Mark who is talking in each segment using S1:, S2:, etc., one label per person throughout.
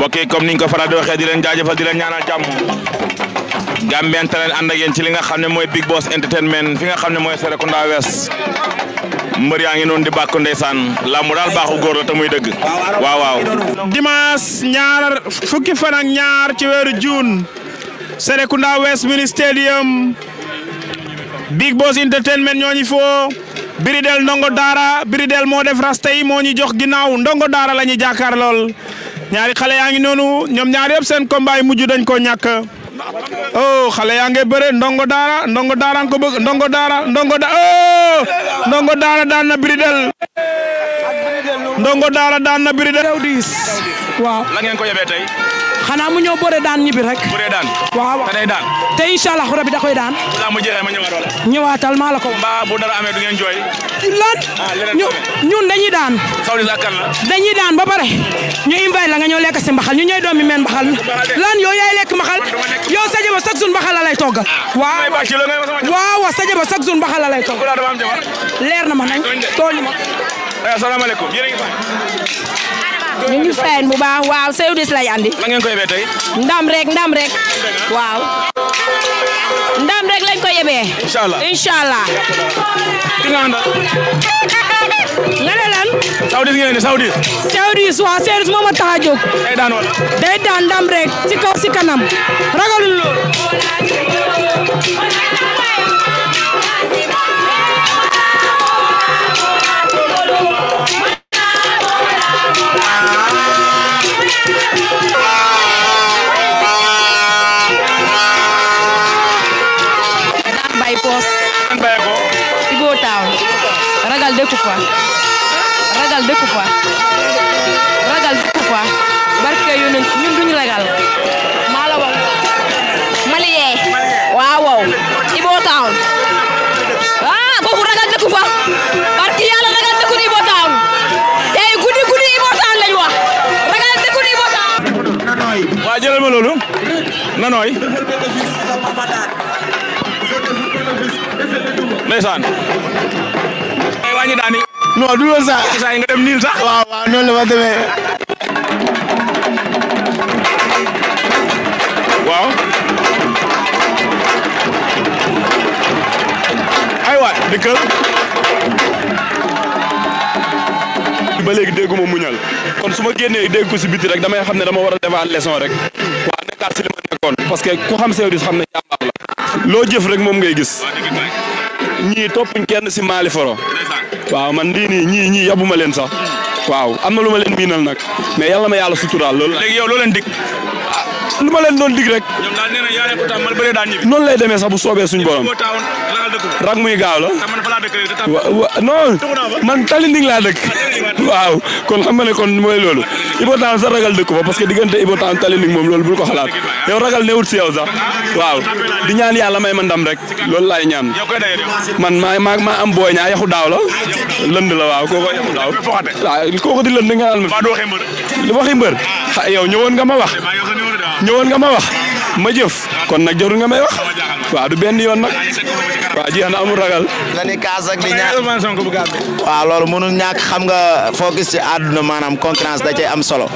S1: mbokk comme niñ ko fara do xé di len jaajeufal di len ñaanal jamm Gambian Talents and ak yeen ci li nga xamne moy Big Boss Entertainment fi nga xamne moy sere ko West wess mbeur yaangi non di bakku ndeysaan làmb dal baxu gor la tamuy deug waaw waaw dimanche ñaar fukki fan ak ñaar ci weeru juin Serekunda West mini stadium Big Boss Entertainment ñoñi fo foo Biridel ndongo dara. Biridel mo def rasta yi moo ñu jox ginaaw ndongo dara la ñu lol ñaari xale yaa ngi noonu ñoom ñaari yëpp seen combat yi mujj dañ koo ñàkk oh, xale yaa ngi bëre ndongo daara ndongo daara ko bëgg ndongo daara ndongo da oh ndongo daara daan na biridel ndongo daara daan na biridel
S2: la ngeen ko yebee tey
S3: xanaa mu ñëw bëre daan ñibbi rek.
S2: daan. waaw te day daan.
S3: te incha allah rabi da koy daan.
S2: balaa mu jeexee ma ñëwaat wala.
S3: ñëwaatal maa la ko. mbaa
S2: bu dara amee du ngeen jooy.
S1: lan ah, ñun dañuy daan. sawli la kan la. dañuy daan ba pare ñu invite la nga ñëw lekk si mbaxal ñu ñooy doomi meen mbaxal lan yoo yaay lekk mbaxal yow sa jaba chaque jour mbaxal la lay toggal. Ah, waaw waaw sa jaba chaque jour mbaxal la lay leer na ma
S2: nañ tooñu ma. Eh, Assalamualaikum. yéen a ngi fay.
S3: ñu ngi fay bu baax waaw sew dis lay andi. na ngeen ko yebee tey. ndam rek ndam rek. waaw. ndam rek lañ ko yebee. incha allah ki nga lan. ngeen
S2: day wala.
S4: day ndam rek ci kaw ci kanam
S5: fa ragal dëkku fa ragal dëkku fa barke yonent ñun duñ ragal maa la wax malien waaw waaw Ibo Town ah kooku ragal dëkku fa barke yàlla ragal dëkku Ibo Town tey guddi guddi Ibo Town lañ wax ragal dëkku Ibo
S2: Town waa jëlal ma loolu na nooy ndeysaan
S6: ñu
S1: daani. saa nga dem niil sax. waaw waaw noonu la ma demee. waaw.
S2: aywa dikkal. ba léegi dégguma muñal kon su ma génnee dégg ko si biti rek damay xam ne dama war a defaat leçon rek waa nekkaat si li ma nekkoon parce que ku xam Seydou xam ne jàmbaar la loo jëf rek moom ngay gis ñii toppuñ kenn si Mali Foro waaw man lii nii ñii ñii yabuma leen sax waaw am na lu ma leen miinal nag mais yàlla ma yàlla suturaal loolu. léegi yow loo leen dig. Ah, lu ma leen doon dig rek. ñoom daal nee na daan ñibbi. noonu lay demee sax bu soobee suñu borom. rag muy gaaw la. non man tali nding laa dëkk. Ah, waaw kon xam nga ne kon mooy loolu Ibotan sax ragal dëkk fa parce que diggante Ibotan Talining moom loolu bul xalaat yow ragal newut si yow sax waaw di ñaan yàlla may ma rek loolu laay ñaan man maa am booy ñaa yaxu daaw la lënd la waaw kooko di lënd nga naan ma waxi mbër yow ñëwoon nga ma wax ñëwoon nga ma wax ma jëf kon nag jarul nga may wax
S3: waaw du benn yoon nag waaw jeex na amul ragal. nga ni kaas ak di ñaar waaw loolu mënul xam nga foo gis ci àdduna maanaam concurrence da am solo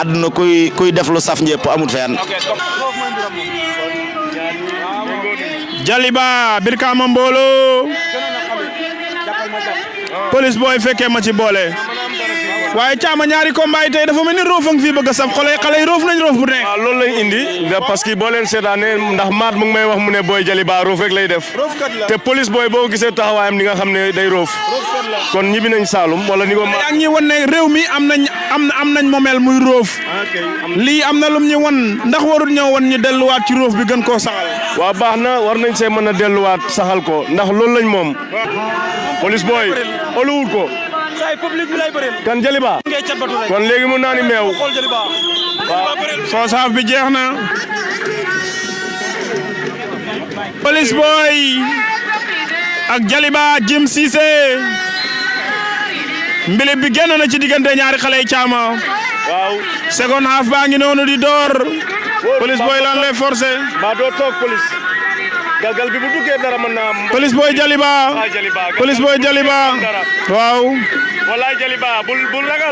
S3: àdduna kuy kuy def lu saf ñëpp amul fenn. Jaliba Birkama Mbolo
S1: police booy fekkee ma boole. waye chama ñaari combat tay dafa melni roof
S2: a fi bëgg a xolé xalé roof nañ roof bu nek lool lañ indi parce que bo leen sétane ndax maat mu ngi may wax mu ne boy jali roof rek lay def te police boy boo gisee taxawaayam ni nga xamné day roof
S1: kon ñibi nañ salum wala ni ko ma ñi won ne réew mi am nañ am na am nañ momel muy roof Li am na lum ñi won ndax warut ñoo won ñu delluwaat ci roof bi gën ko saxal wa baxna war nañ sé mëna a delluwaat saxal ko ndax lool lañ mom police boy, oluwul ko
S2: say public lay bëreel. kan Jaliba. kon léegi mun naa ni meew.
S1: bi jeex na. Police Boy ak Jaliba Jim Cissé. mbilib bi génn ci diggante ñaari xale yi caama. waaw second baa ngi noonu di door. Police Boy lan lay forcer.
S2: galgal bu duggee dara mën naa am.
S1: police booy Jaliba. waaw
S7: Jaliba police booy Jaliba.
S1: waaw.
S2: wallaay Jaliba bul duggee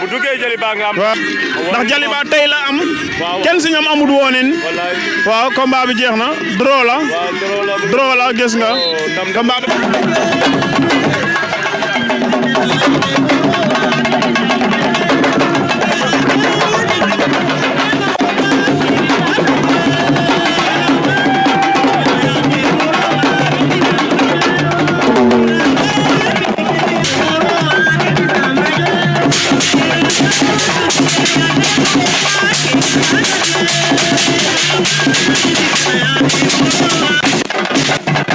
S1: bu duggee Jaliba nga am. ndax Jaliba tey la am. kenn si ñoom amut wooneen. waaw combat bi jeex na draw la. draw la gis nga. Oh,
S8: プレ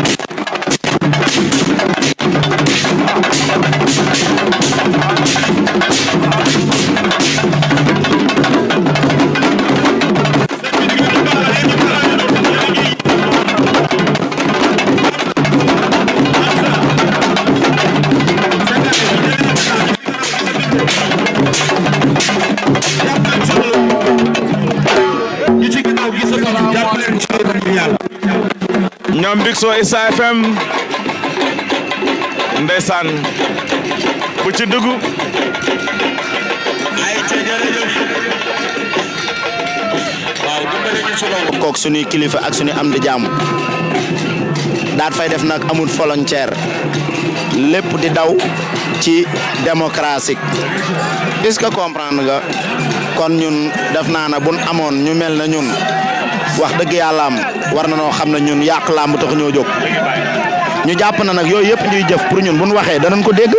S8: ゼント
S1: ñoom Big Show Issa FM
S7: ndeysaan bu ci dugg
S3: kook suñuy kilifa ak suni am di jam. daat fay def nak amul volontaire Lepp di daw ci démocratie. est-ce que comprendre nga kon ñun def naa na buñ amoon ñu melna ñun wax deug yalla am warna na noo xam ne ñun yàq làmb tax ñoo jóg ñu jàpp na nag yooyu yëpp ñuy jëf pour ñun bu ñu waxee danañ ko dégg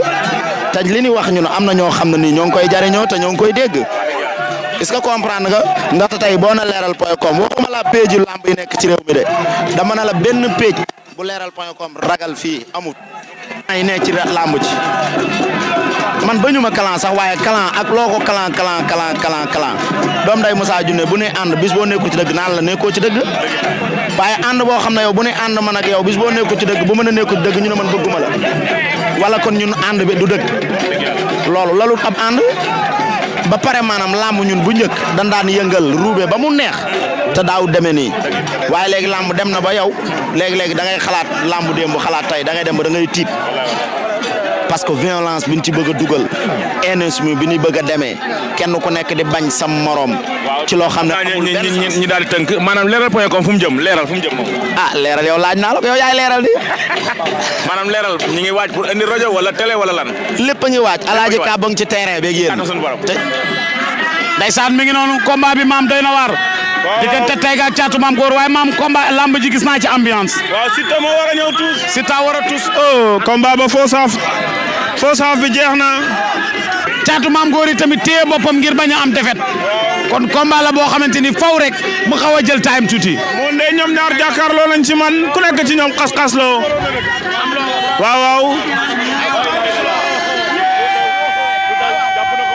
S3: te li ñu wax ñun am na ñoo xam ne koy jariñoo te ñoo koy dégg est-ce comprendre nga ndaxte tey boo na leeral point com waxuma la péeju làmb yi nekk ci réew mi de dama na la benn péej bu leeral point com ragal fii amut clan yi ne ci làmb ci man bañu ma clan sax waaye clan ak loo ko clan clan clan clan clan doom day Moussa ne bu ne ànd bis boo nekku ci dëgg naan la nekkoo ci dëgg waaye ànd boo xam ne yow bu ne ànd man ak yow bis boo nekkul ci dëgg bu mën a nekkul dëgg ñu ne man bëgguma la wala kon ñun ànd bi du dëgg loolu lalut ab ànd ba pare maanaam làmb ñun bu njëkk dañ daan yëngal ruube ba mu neex te daaw demé ni waye légui lamb dem na ba yow légui légui da ngay xalaat làmb démb xalat tay da ngay dem ba da ngay tit parce que violence biñ ci bëgg duggal dugal énergie bi bëgg a kenn ku nekk di bañ sam morom. ci lo xamné ñi dal teunk di tënk point comme fum jëm leeral fum jëm ah leeral yow laaj na la yow yaay leeral di.
S2: manam leeral ñi ngi waaj pour indi radio wala télé wala lan.
S3: lepp ngi waaj alaaji ka ba ci terrain mi ngi combat bi maam doyna war diggante Taïga
S1: ak Caatu Maam Góor waaye maam combat lamb ji gis naa ci ambiance. waaw Siteu moo war a ñëw tuus. Siteu war a tuus. oh combat foo saaf foo saaf bi jeex na. Caatu Maam Góor yi tamit téye boppam ngir bañ am defet kon combat la boo xamante ni faw rek mu xaw a jël time tuuti. mu ndee ñoom ñaar jàkkaarloo lañ ci man ku nekk ci ñoom xas-xas loo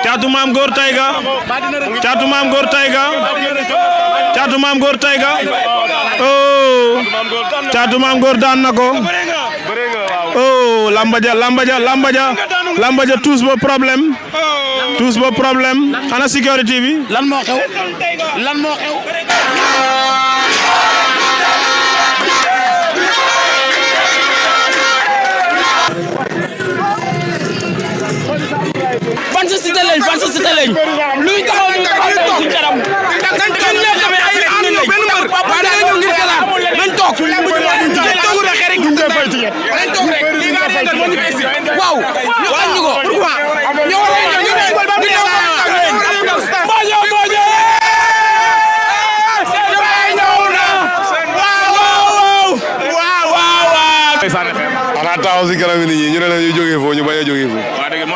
S1: caatu maam góor tayga caatu maam góor tayga caatu maam góor tayga oh caatu maam góor daan na oh, lambaja lambaja lambaja lambaja tous ba problème tous ba problème xana bi
S9: Cité lañ
S8: fan Cité lañ luñ taxaw ñu taxaw suñu kanam dañ ne tamit ay nit lañ
S1: waaye da ngeen ngir xalaat nañ toog nañ toog rek rek nañ toog rek li nga ne moo ñu fi waaw ñu xam ñu ko pourquoi ñu war a ñu ne ba bi la
S6: xanaa taxaw si kanam nit ñi ñu ne la ñu jógee foofu ñu bañ a jógee foofu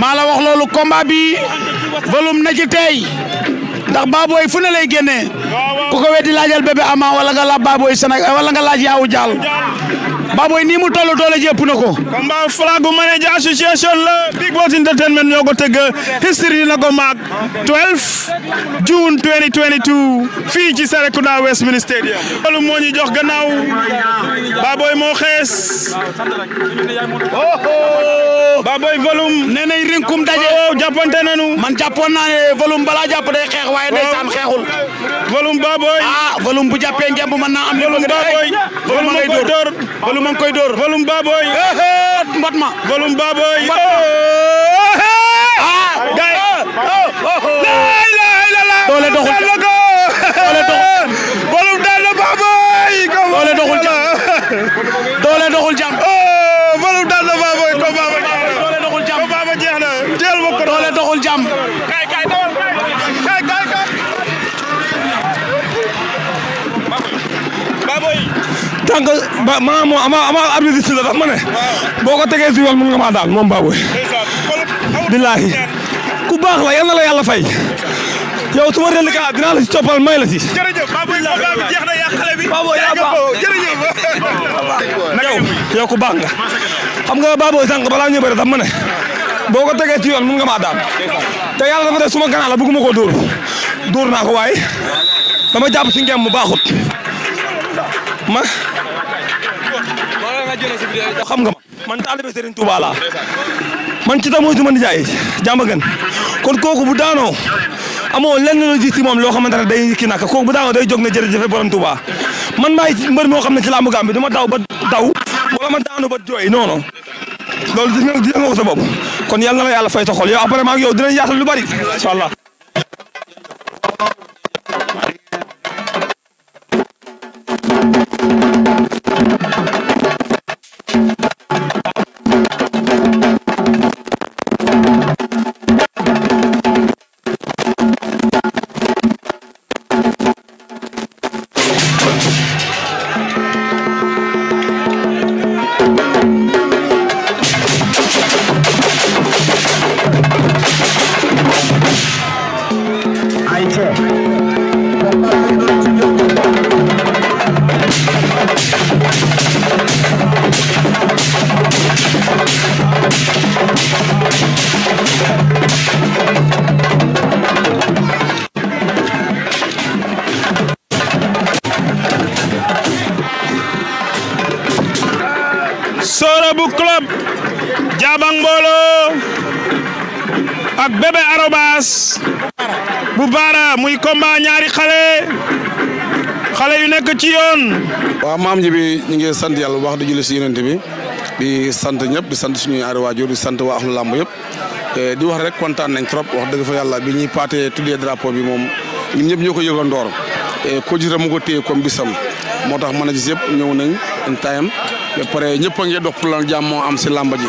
S1: maa la wax loolu combat bi volume na ci tey ndax Baboy fu ne lay génnee ku ko weddi laajal Bébé Ama wala nga laaj Baboy Sénégal wala nga laaj Yawou Dial Baboy nii mu toll doole jëpp na ko. combat flag association la Big Boss Entertainment ñoo ko tëgg na ko June 2022 fi ci Serekunda West moñu jox gannaaw ba boy mo xess Baboy oh ba Baboy Volume. nee nay rinkum dajé oh, oh jàppante nañu. man jàppoon naa Volume balaa jàpp day xeex waaye oh. ndeysaan xeexul. Volume Baboy. ah Volume bu jappé njëmb man na am. Volume Baboy Volume ma koy door Volume ma koy door. Volume Baboy. mbot ma. Volume Baboy. doole doxul doole doxul. wala daal na baaboy. doole doxul jàmm doole doxul jàmm. wala daal na baaboy ko baaba jeex na. doole doxul jàmm ko baaba jeex na. teel ma ko doole doxul jàmm. kay kay dawal kay kay kay kay.
S5: baaboy. tànk ba maa ma ma arbitre si la dafa ma ne. boo ko tegee si yoon mën nga maa daal moom baaboy. billaahi ku baax la yal na la yàlla fay. yow su ma dellu kaa dinaa la si coppal may la si. jërëjëf Babou Babou jeex na yaa xale bi. Babou yaa baax ku baax nga. xam nga Babou sànq balaa ñuy bëri daf ma boo ko tegee ci yoon mun nga maa daan. te yàlla dafa def suma gannaaw la bëgguma ko dóor. dóor naa ko waaye. dama jàpp si ngeen mu baaxut. ma. xam nga man taalibe Serigne Touba laa man ci tamuy su ma nijaay jàmm gën kon kooku bu daanoo. amoo lenn loo gis moom loo xamante ne day ki naka kooku bu daanoo day jóg ne jërëjëf borom Touba man maay mbër moo xam ne ci làmb Gàmbi du ma daw ba daw wala ma daanu ba jooy non non loolu gis nga gis nga ko sa kon yàlla na la yàlla fay sa xol yow après maa ngi yow dinañ yaatal lu bari incha
S1: Sora bu club Jabang Bolo ak Bébé Arobas bu Baara muy combat ñaari xale xale yu nekk ci yoon.
S6: waaw maam ji bi ñu ngi sant yàlla di julli si bi di sant ñëpp di sant suñuy aari waajur di sant waa axlu làmb yëpp eh, di wax rek kontaan nañ trop wax dëgg fa yàlla bi ñuy paatee tuddee drapeau bi moom ñun ñëpp ñoo ko yëgandoor eh, ko jira mu comme bisam moo tax manager yëpp ñëw nañ en time ba pare ñëpp a ngi dox pour la jàmm am si làmba ji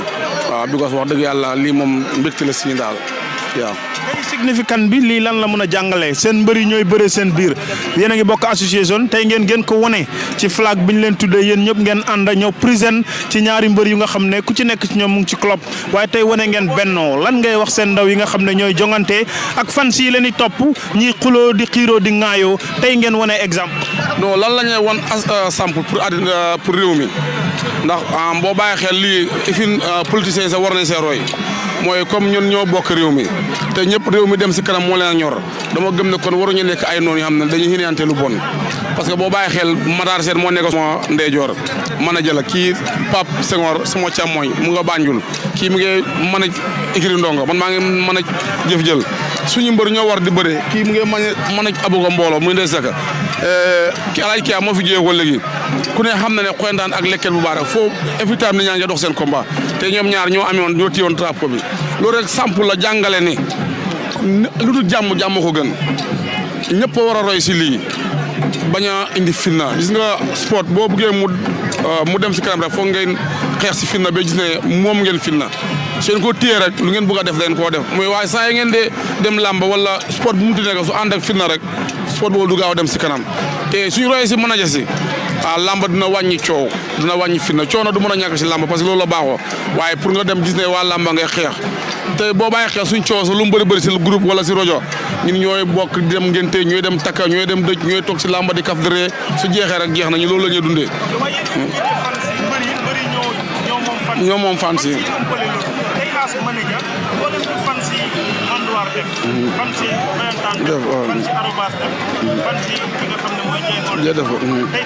S6: waaw because wax dëgg yàlla lii moom mbégte la si ñu daal. waaw
S1: significant bi lii lan la mën a jàngalee seen mbëri ñooy bëre seen biir yéen a ngi bokk association tey ngeen gën ko wone ci flag bi ñu leen tuddee yéen ñëpp ngeen ànd ñëw prison ci ñaari mbër yu nga xam ku ci nekk ci ñoom mu ci club waaye tey wane ngeen bennoo lan ngay wax seen ndaw yi nga xam ne ñooy jongante ak fans yi leen di topp ñiy xuloo
S6: di xiiroo di ŋaayoo tey ngeen wane exemple. non lan la ñuy won euh, sample pour àddina euh, pour réew ndax ah, boo bàyyi xel lii ifin euh, politiciens yi war nañ see roy mooy comme ñun ñoo bokk réew mi te ñëpp réew mi dem si kanam moo leen ñor dama gëm ne kon waruñu nekk ay noon yoo xam ne dañuy xineyante lu bon parce que boo bàyyi xel Matar Seen moo nekk sama ndeyjoor mën a jëla kii Pape Senghor sama càmmooñ mu nga Banjul kii mu ngi mën a ikiri ndongo man maa ngi mën a jëf jël suñu mbër ñoo war di bëre kii mu ngi man a abugo mbooloo muy Ndeye Saka eh, ki alaaj ki moo fi jógee ko ku ne xam na ne xoyantaan ak lekket bu baara foo effectivement ni ñaa seen combat te ñoom ñaar ñoo amoon ñoo téyoon drapeau bi loolu rek samp la jàngale ni lu dul jàmm jàmm ko gën ñëpp war a roy si lii bañ indi fitna gis nga sport boo buggee mu euh, mu dem si karam rek foog ngeen xeex si fitna ba gis ne moom ngeen fitna su ngeen ko téye rek lu ngeen bëgg a def da koo def mooy waaye saa yi ngeen de dem làmb wala sport bu mu tudd su ànd ak fitna rek sport boobu du gaaw dem si kanam te suñu royee si manager si ah làmb dina wàññi coow dina wàññi fitna coow na du mën a ñàkk si làmb parce que loolu la baaxoo waaye pour nga dem gis ne waa làmb ngay xeex te boo bàyyi xeex suñ coow sa lu mu bëri bëri si groupe wala si rajo ñun ñooy bokk di dem ngénte ñooy dem takka ñooy dem dëj ñooy toog si làmb di kaf dëree su jeexee rek jeex na ñu loolu la ñuy dundee ñoo moom fans yi jërëjëf mm-hmm.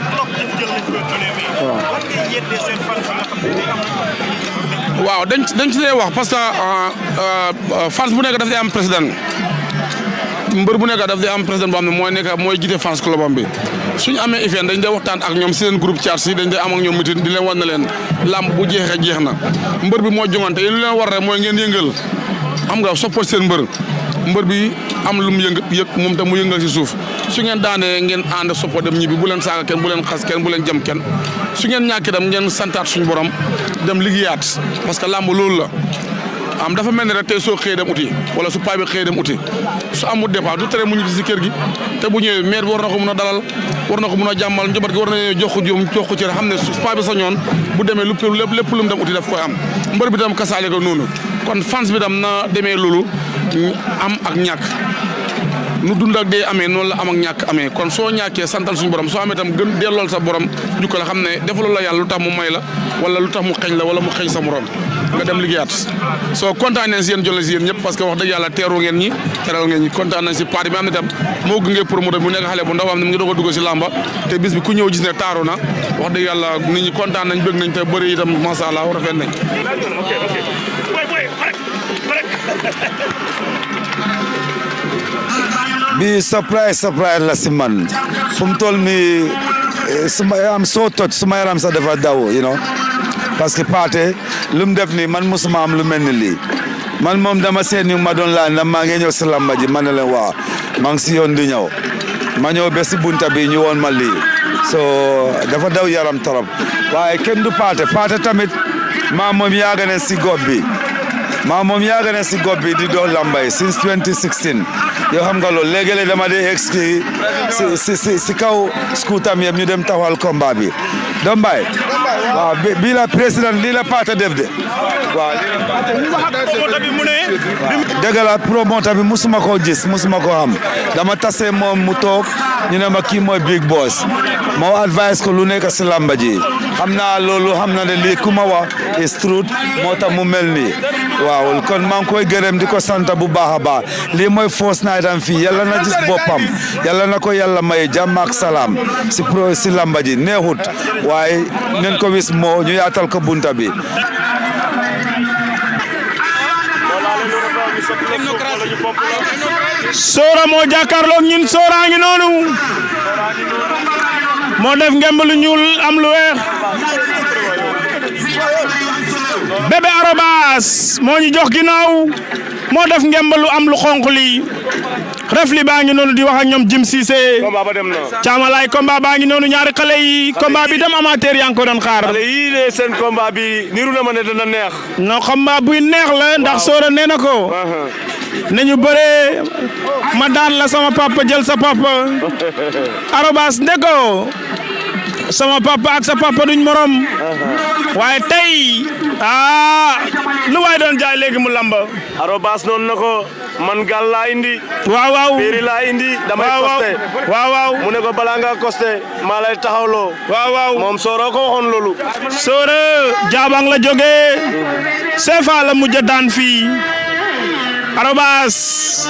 S6: waaw dañ ci dee wax parce que euh, euh, fans bu nekk daf am président mbeur bu nek daf di am president bo xam moy nek moy mooy France club am bi suñu amé event dañ day waxtan ak ñom seen groupe chat si dañ day am ak ñom meeting di leen wan na leen làmb bu jeexee jeex na mbër bi mo jongante yéen lu leen war rek moy ngeen yëngal am nga support seen mbeur mbeur bi am lu mu yëng yëg mom tam mu yëngal ci suuf su ngeen daane ngeen and soppo dem ñibi bu leen saaga ken bu leen xass ken bu leen jëm ken su ngeen ñaak dem ngeen santat suñu borom dem liggéeyaat parce que lamb loolu la am dafa mel ni rek tey soo xëyee dem uti wala su paa bi xëyee dem uti su amul dépense du tere mu ñibbi si kër gi te bu ñëwee maire war na ko mun a dalal war na ko mun a jàmmal njaboot gi war na jox ko jom jox ko xam ne su paa bi sañoon bu demee lépp lépp lu mu dem uti daf koy am mbër bi tam kasaale ko noonu kon fans bi tam na demee loolu am ak ñàkk. nu dund ak dee amee noonu la am ñàkk amee kon soo ñàkkee santal suñu borom soo amee tam gën dellool sa borom jukkal xam ne defaloo la yàlla lu tax mu may la wala lu tax mu xeeñ la wala mu xeeñ sa morom nga dem liggéeyaat soo kontaan nañ si yéen jël si yéen ñëpp parce que wax dëgg yàlla teeru ngeen ñi teral ngeen ñi kontaan nañ si parti bi am na tam moo gungee promoteur bu nekk xale bu ndaw am ne mu ngi doog a dugg si làmba te bis bi ku ñëw gis ne taaru na wax dëgg yàlla nit ñi kontaan nañ bëgg nañ te
S7: bi surprise surprise la si man fu mu toll nii eh, suma yaram soo toj suma yaram sax dafa daw you know parce que Pathé lu mu def nii man musuma am lu mel ni lii man moom dama seen ñu ma doon laaj ndax maa ngi ñëw si lamba ji ma ne leen waa maa ngi si yoon di ñëw ma ñëw ba si bunta bi ñu woon ma lii so dafa daw yaram torop waaye kenn du Pathé tamit maa moom yaaga ne si gob bi maa moom yaaga ne si go bii di dox lambay since 2016 yoo xam nga loolu léegi-léeg dama dee ex si si kaw skuutam yëpp ñu dem tawal combat bi Dombay waaw bii la président lii la paata def de waaw dëgg la promoteur bi musuma ko gis musuma ko xam dama tase moom mu toog ñu ne ma kii mooy big boss moo advice ko lu nekk si lamba ji xam naa loolu xam na ne lii ku ma wax is moo tax mu mel ni waaw kon maa koy gërëm di ko sant bu baax a baax lii mooy first night am fii yàlla na gis boppam yàlla na ko yalla may jàmm salaam si pro lamba ji neexut waaye nen ko wis moo ñu yaatal ko bunta bi
S1: Soora moo jàkkaarloog ñun Soora a noonu moo def ngemb lu ñuul am lu weex bébé arobas moo ñu jox ginnaaw moo def ngemb lu am lu xonq li ref li baa ngi noonu di wax ak ñoom Jim Cissé caamalaay combat baa ngi noonu ñaari xale yi combat bi dem amateur yaa ngi ko doon xaar. xale
S2: yii ma neex.
S1: non buy neex la ndax Sora nee na ko. Uh-huh. ñu bëree ma daan la sama papa jël sa papa arobas ndeko sama papa ak sa papa duñ morom waaye tey ah lu waay doon jaay léegi mu lamba
S2: arobas noonu na man gal indi waaw biiri laa indi damay costé waaw mu ne ko balaa nga costé maa lay taxawloo waaw waaw moom sooro ko waxoon
S1: loolu sooro jaabang la jógee seefa la mujj daan fii Arobas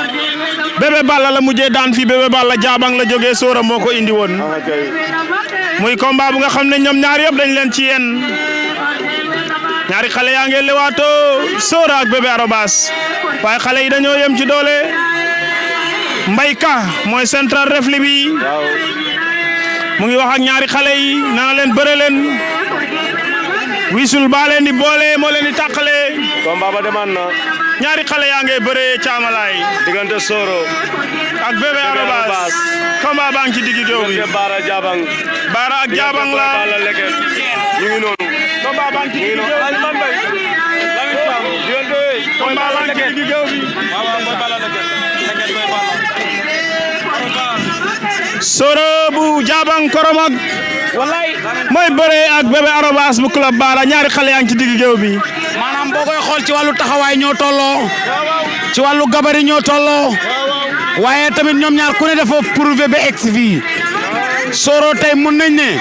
S1: Bébé Balla la mujjee daan fi Bébé Balla jaabang la jógee soora moo ko indi woon muy combat bu nga xam ne ñoom ñaari yëpp dañ leen ci yenn ñaari xale yaa ngi lewaatoo sóora ak Bébé Arobas waaye xale yi dañoo yem ci doole mbayka mooy central refli bi mu ngi wax ak ñaari xale yi nana leen bëre leen Wisul baa leen di boole moo leen di tàqale. combat ba demaan na. ñaari xale yaa caamalaay. diggante Soro. ak bébé ci digg géew bi. mooy bëre ak bébé arabas bu club baara ñaari xale yaa ngi ci digg géew bi maanaam boo koy xool ci wàllu taxawaay ñoo tolloo ci wàllu gabari ñoo tolloo waaye tamit ñoom ñaar ku ne dafa prouvé ba egg fii Soro tey mun nañ ne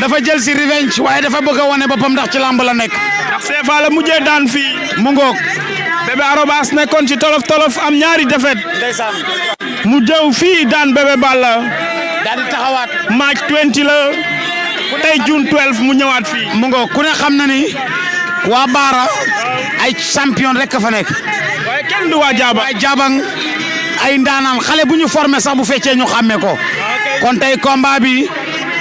S1: dafa jël si revenge waaye dafa bëgg a wane boppam ndax ci làmb la nekk ndax CFA la mujjee daan fii mu ngoog bébé arobas nekkoon ci tolof tolof am ñaari defet mu jëw fii daan bébé Balla daal di taxawaat. match 20 la tey June 12 mu ñëwaat fii. mu ku ne xam na ni waa Baara ay champion rek fa nekk. waaye kenn du waa Jaaba ay ndaanaan xale bu ñu forme sax bu feccee ñu xàmmee ko. kon tey combat bi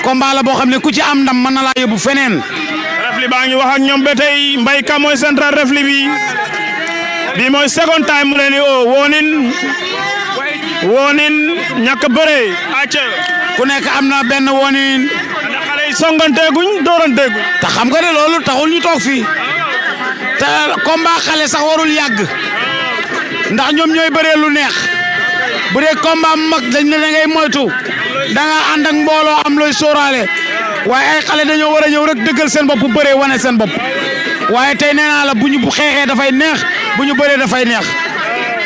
S1: combat la boo xam ne ku ci am ndam mën na laa yóbbu feneen. refli baa ngi wax ñoom ba mbay kam Ka central refli bi bi mooy second time mu leen di oh, woonin woonin ñàkk bëre ku amna ben na benn wonin songante guñ dorante guñ ta xam nga ne lolou taxul ñu tok fi ta combat xalé sax warul yag ndax ñom ñoy bëré lu neex bëré combat mag dañ ne ngay moytu da nga and ak mbolo am loy soralé waye ay xalé dañu wara ñew rek deggal seen bopp bëré wane seen bop waye tay nee la buñu bu xexé da fay neex buñu bëré da fay neex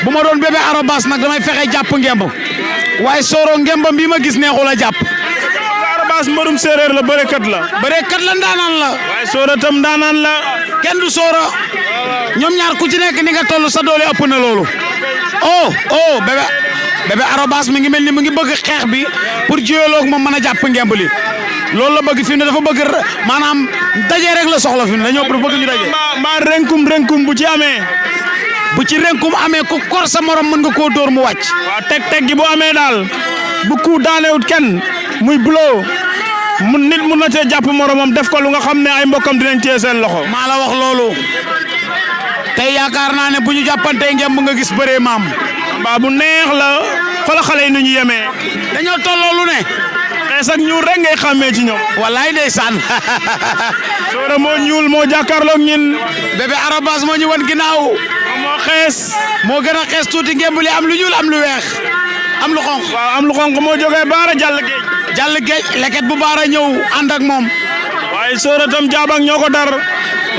S1: buma doon bébé arobas nak damay fexé japp ngemb waaye Soro ngembam bi ma gis neexul a jàpp. Arbaas mbërum séeréer la bërekat la. bërekat la ndaanaan la. waaye Soro tam ndaanaan la. kenn du Soro. ñoom ñaar ku ci nekk ni nga toll sa doole ëpp na loolu. oh oh bébé bébé Arbaas mi ngi mel ni mu ngi bëgg xeex bi pour jiyaloog moom mën a jàpp ngemb li loolu la bëgg fi mu ne dafa bëgg maanaam daje rek la soxla fi mu ne dañoo bëgg ñu daje. mbaa renkum renkum bu ci amee. bu ci renkum amé ko kor sa morom mën nga ko dóor mu wacc wa tek tek gi bu amé dal bu ku wut kenn muy blo mu nit mu na ci japp moromam def ko lu nga xamné ne ay mbokkam dinañ ci sen loxo maa la wax lolu tay yaakar na né bu ñu jàppantee ngeen bu nga gis béré mam ba bu neex la fa la xalé ñu yemee dañu tolloo lu ne xees ak ñuul rek ngay xamé ci ñom wallahi ndeysaan soora moo ñuul moo jàkkaarloog ñin bébé arabas mo ñu won ginaaw moo xees moo gën a xees tuuti ngemb li am lu ñuul am lu weex am lu xonq waaw am lu xonq moo jógee baara jàll géej jàll géej leket bu baara ñëw ànd ak moom waaye sóoratam jaabang ñoo ko dar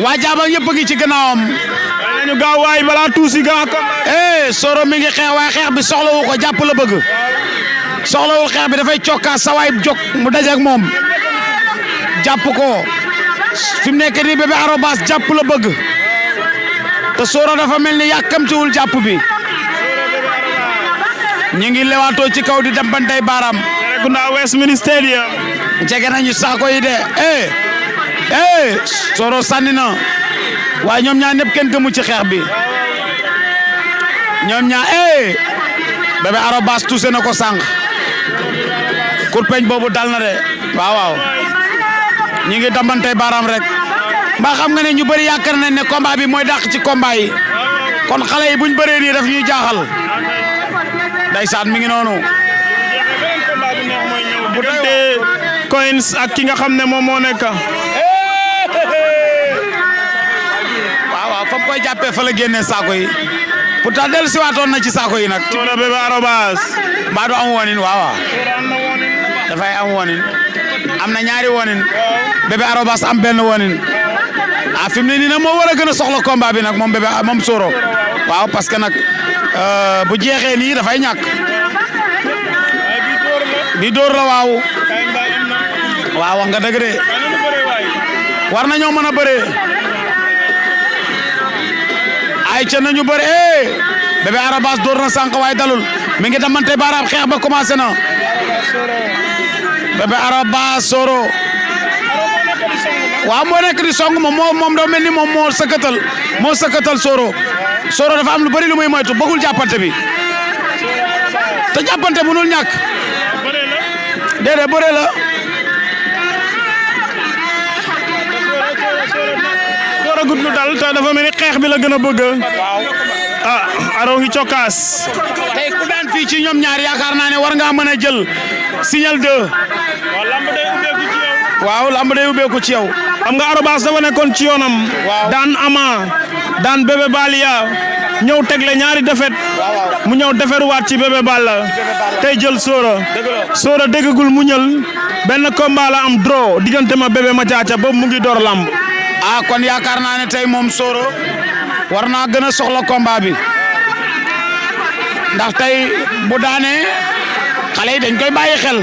S1: waa jaabang yëpp a ngi ci gannaawam ñu gaaw waay balaa tuusi gaa ko eh mi ngi xeex waaye xeex bi soxlawu ko jàpp la bëgg soxlawul xeex bi dafay cokkaas sa waay mu dajeeg moom jàpp ko fi mu nekk nii bébé arobas jàpp la bëgg te soro dafa mel ni wul japp bi ñi ngi lewato ci kaw di bantay baram. guna West Ministerium. Stadium. jege nañu saako yi de eh eh Soro sanina wa ñom ñaan ñaar kën gëmu ci xex bi ñom ñaa eh bébé arobas tousé nako ko kurpeñ bobu dal na de waaw waaw ñi ngi dambantay baram rek ba xam nga ne ñu bari yaakaar nañ ne combat bi moy dakk ci combat yi kon xalé yi buñ bari ni daf ñuy jaaxal ndaysaan mi ngi nonu bu dee Coins ak ki nga xam ne mom mo nekk. wa wa fam koy jappé fa la génné sako yi pourtant waton na ci sako yi nag. wala bébé arobas. ba do am wonin wa da fay am wonin amna ñaari wonin. bébé arobas am ben wonin ah fi mu ne nii nag moo soxla combat bi nak mom bébé ah, mom Soro waaw parce que nak euh bu jéxé ni da fay ñak di dóor la waaw waaw nga dëgg dé war nañu mëna a ay ci nañu bëree eh! bébé Arabas dóor na sank way dalul mi ngi damanté baaraam xex ba commencé na bébé Arabas Soro waaw moo nekk di moom moo moom dafa mel ni moom moo sëkkatal moo sëkkatal Soro Soro dafa am lu bëri lu muy moytu bëggul jàppante bi te jàppante mënul ñàkk déedéet bëre la
S10: Soro gut lu dal te
S1: dafa mel ni xeex bi la gën a bëgg ah Aro ngi cokkaas tey ku daan fii ci ñoom ñaar yaakaar naa ne war ngaa mën a jël signal 2 waaw lamb day ubbeeku ci yow xam nga arobas dafa nekkoon ci yoonam daan ama daan bébé baliya ñëw tegle ñaari defet mu ñëw deferuwaat ci bébé Balla tey jël sóora sóora déggagul mu ñël benn combat la am draw diggante ma bébé ma caaca ba mu ngi door làmb ah kon yakaar naa ne tey moom sóora war naa gën a soxla komba bi ndax tey bu daanee xale yi dañ koy bàyyi xel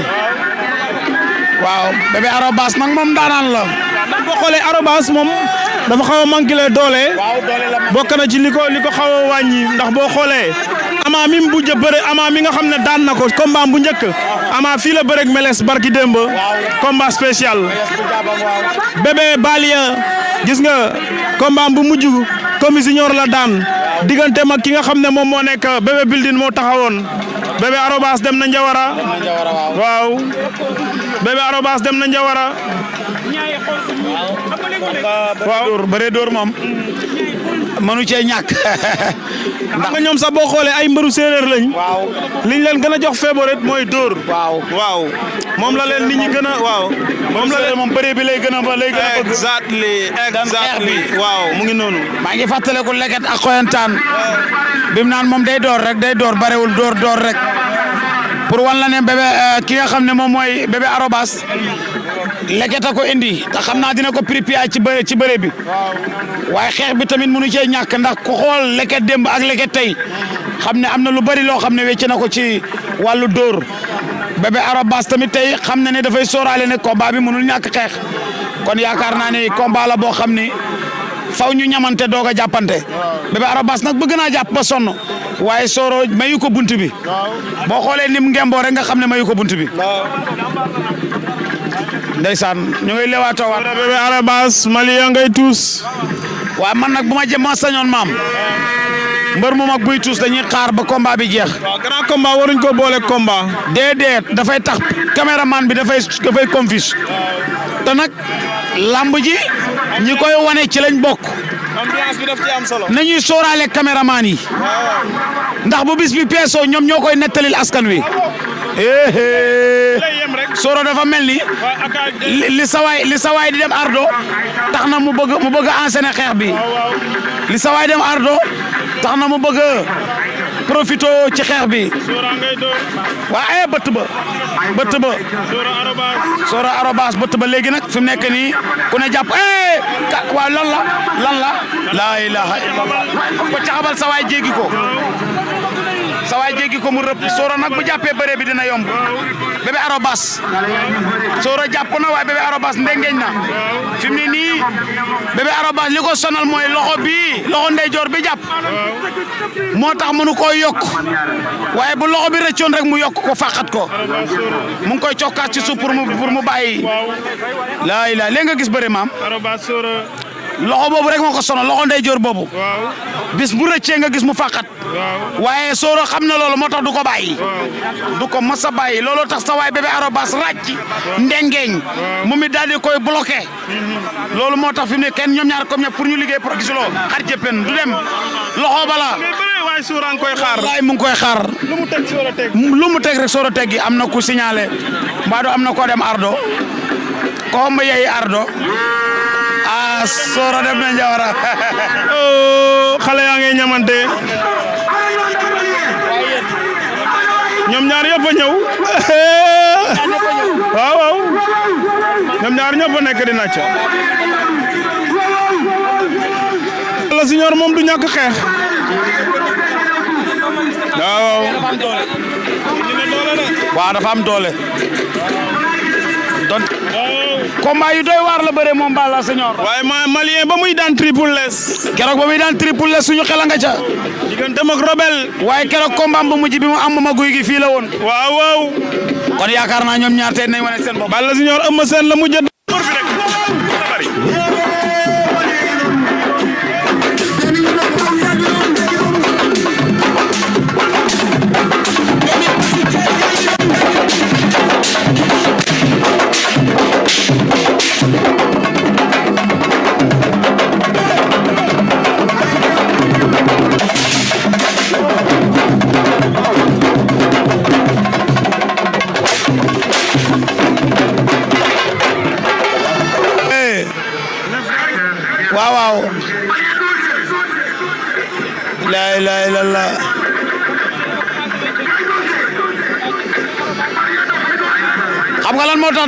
S1: waaw bébé Arobas nag moom daanaan la. boo xoolee Arobas moom dafa xaw a manqué le doole. waaw doole na ci li li ko xaw a wàññi ndax boo xoolee. ama mi bu jë bëre ama mi nga xam ne daan na ko combat bu njëkk ama fii la bërek meles barki démb combat spécial bébé Balia gis nga combat bu mujj commis junior la daan diggante ma ki nga xam ne moom moo nekk bébé Bildin moo taxawoon bébé Arobas dem na Njawara waaw bébé arobas dem na Njawara. waaw bëree dóor moom. manu cee ñàkk. ndax ñoom sa boo xoolee ay mbëru séeréer lañ. waaw liñ leen gën a jox feeboret mooy dóor. waaw waaw moom la leen nit ñi gën a waaw. moom la bi lay gën a lay gën exactly exactly waaw mu ngi noonu. maa ngi fàttaliku leget ak koyantaan bi mu naan moom day door rek day door barewul door door rek. pour wan la ne bébé euh, ki nga xam ne moom mooy bébé arobas leketa ko indi te xam naa dina ko pripia ci bëre ci bëre bi waaye xeex bi tamit mënu cee ñàkk ndax ko xool leket démb ak leket tey xam ne am na lu bari loo xam ne wecc na ko ci wàllu dóor bébé arobas tamit tey xam na ne dafay sóoraale ne combat bi mënul ñàkk xeex kon yaakaar naa ne combat boo xam ne faw ñu ñamante doog a jàppante bébé arobas nag bëgg naa jàpp ba sonn waaye sooro mayu ko bunt bi boo xoolee nim ngemboo rek nga xam ne may ko bunt bi ndeysaan ñu ngay lewaatoo waat bébé arobas maliya ngay tuus waaw man nag bu ma jëm ma sañoon maam mbër mu mag buy tuus dañuy xaar ba combat bi jeex. waaw grand combat waruñ ko boole combat. déedéet dafay tax caméraman bi dafay dafay confus te nag lamb ji. ñi koy wane ci lañ bokk. ambiance bi daf ci am solo. nañuy sóoraale caméraman yi. ndax bu bis bi peesoo ñoom ñoo koy nettalil askan wi. Soro dafa mel ni li sawaay li sawaay di dem ardo tax na mu bëgg mu bëgg a enseigner xeex bi li sawaay dem ardo tax na mu bëgg profito ci xeex bi waaye eh, bëtt ba bëtt ba soora arobas bëtt ba léegi nag fi mu nekk nii ku ne jàpp eh waaw lan la laa ilaha illallah ko caxabal sa waay ko sa waay ko mu rëpp Sora nag bu jàppee bëre bi dina yomb bébé arobas Sora jàpp na waaye bébé arobas ndengeñ na fi mu ne nii bébé arobas li ko sonal mooy loxo bi loxo ndeyjoor bi jàpp
S8: moo tax mënu ko yokk
S1: waaye bu loxo bi rëccoon rek mu yokk ko fàqat ko mu ngi koy cokkaas ci suuf pour mu pour mu bàyyi laa ilaa nga gis bëre loxo boobu rek moo ko sono loxo ndey joor boobu. bis bu rëccee nga gis mu fàqat. waaye Soro xam na loolu moo tax du ko bàyyi. du ko mës a bàyyi looloo tax sa waay bébé arobas ràcc. ndengeeñ mu mi daal di koy bloqué.
S8: Mhm.
S1: loolu moo tax fi ne kenn ñoom ñaar comme ñëpp pour ñu liggéey pour gis loo xar jëppen du dem loxo bala waaye Soro ngi koy xaar mu ngi koy xaar. lu mu teg mu teg rek Soro teg gi am na ku signalé mbaa do am na koo dem Ardo koo xam ne Ardo. Fass dem na Njawara xale oh, ya ngay ñamanté ñom ñaar yëpp ñew waaw waaw ñom ñaar ñëpp a nekk di nacc
S8: la señor mom du ñak
S1: nah, xex waaw waaw dafa am doole don combat yu doy waar la bëre moom Balla Senior. waaye ma Malien ba muy daan triple les. keroog ba muy daan triple les suñu xel a nga ca. digganteem ak Robel. waaye keroog combat bu mujj bi mu am ma guy gi fii la woon. waaw waaw. kon yaakaar naa ñoom ñaar tey nañ wane seen bopp. Balla Senior am na seen la jën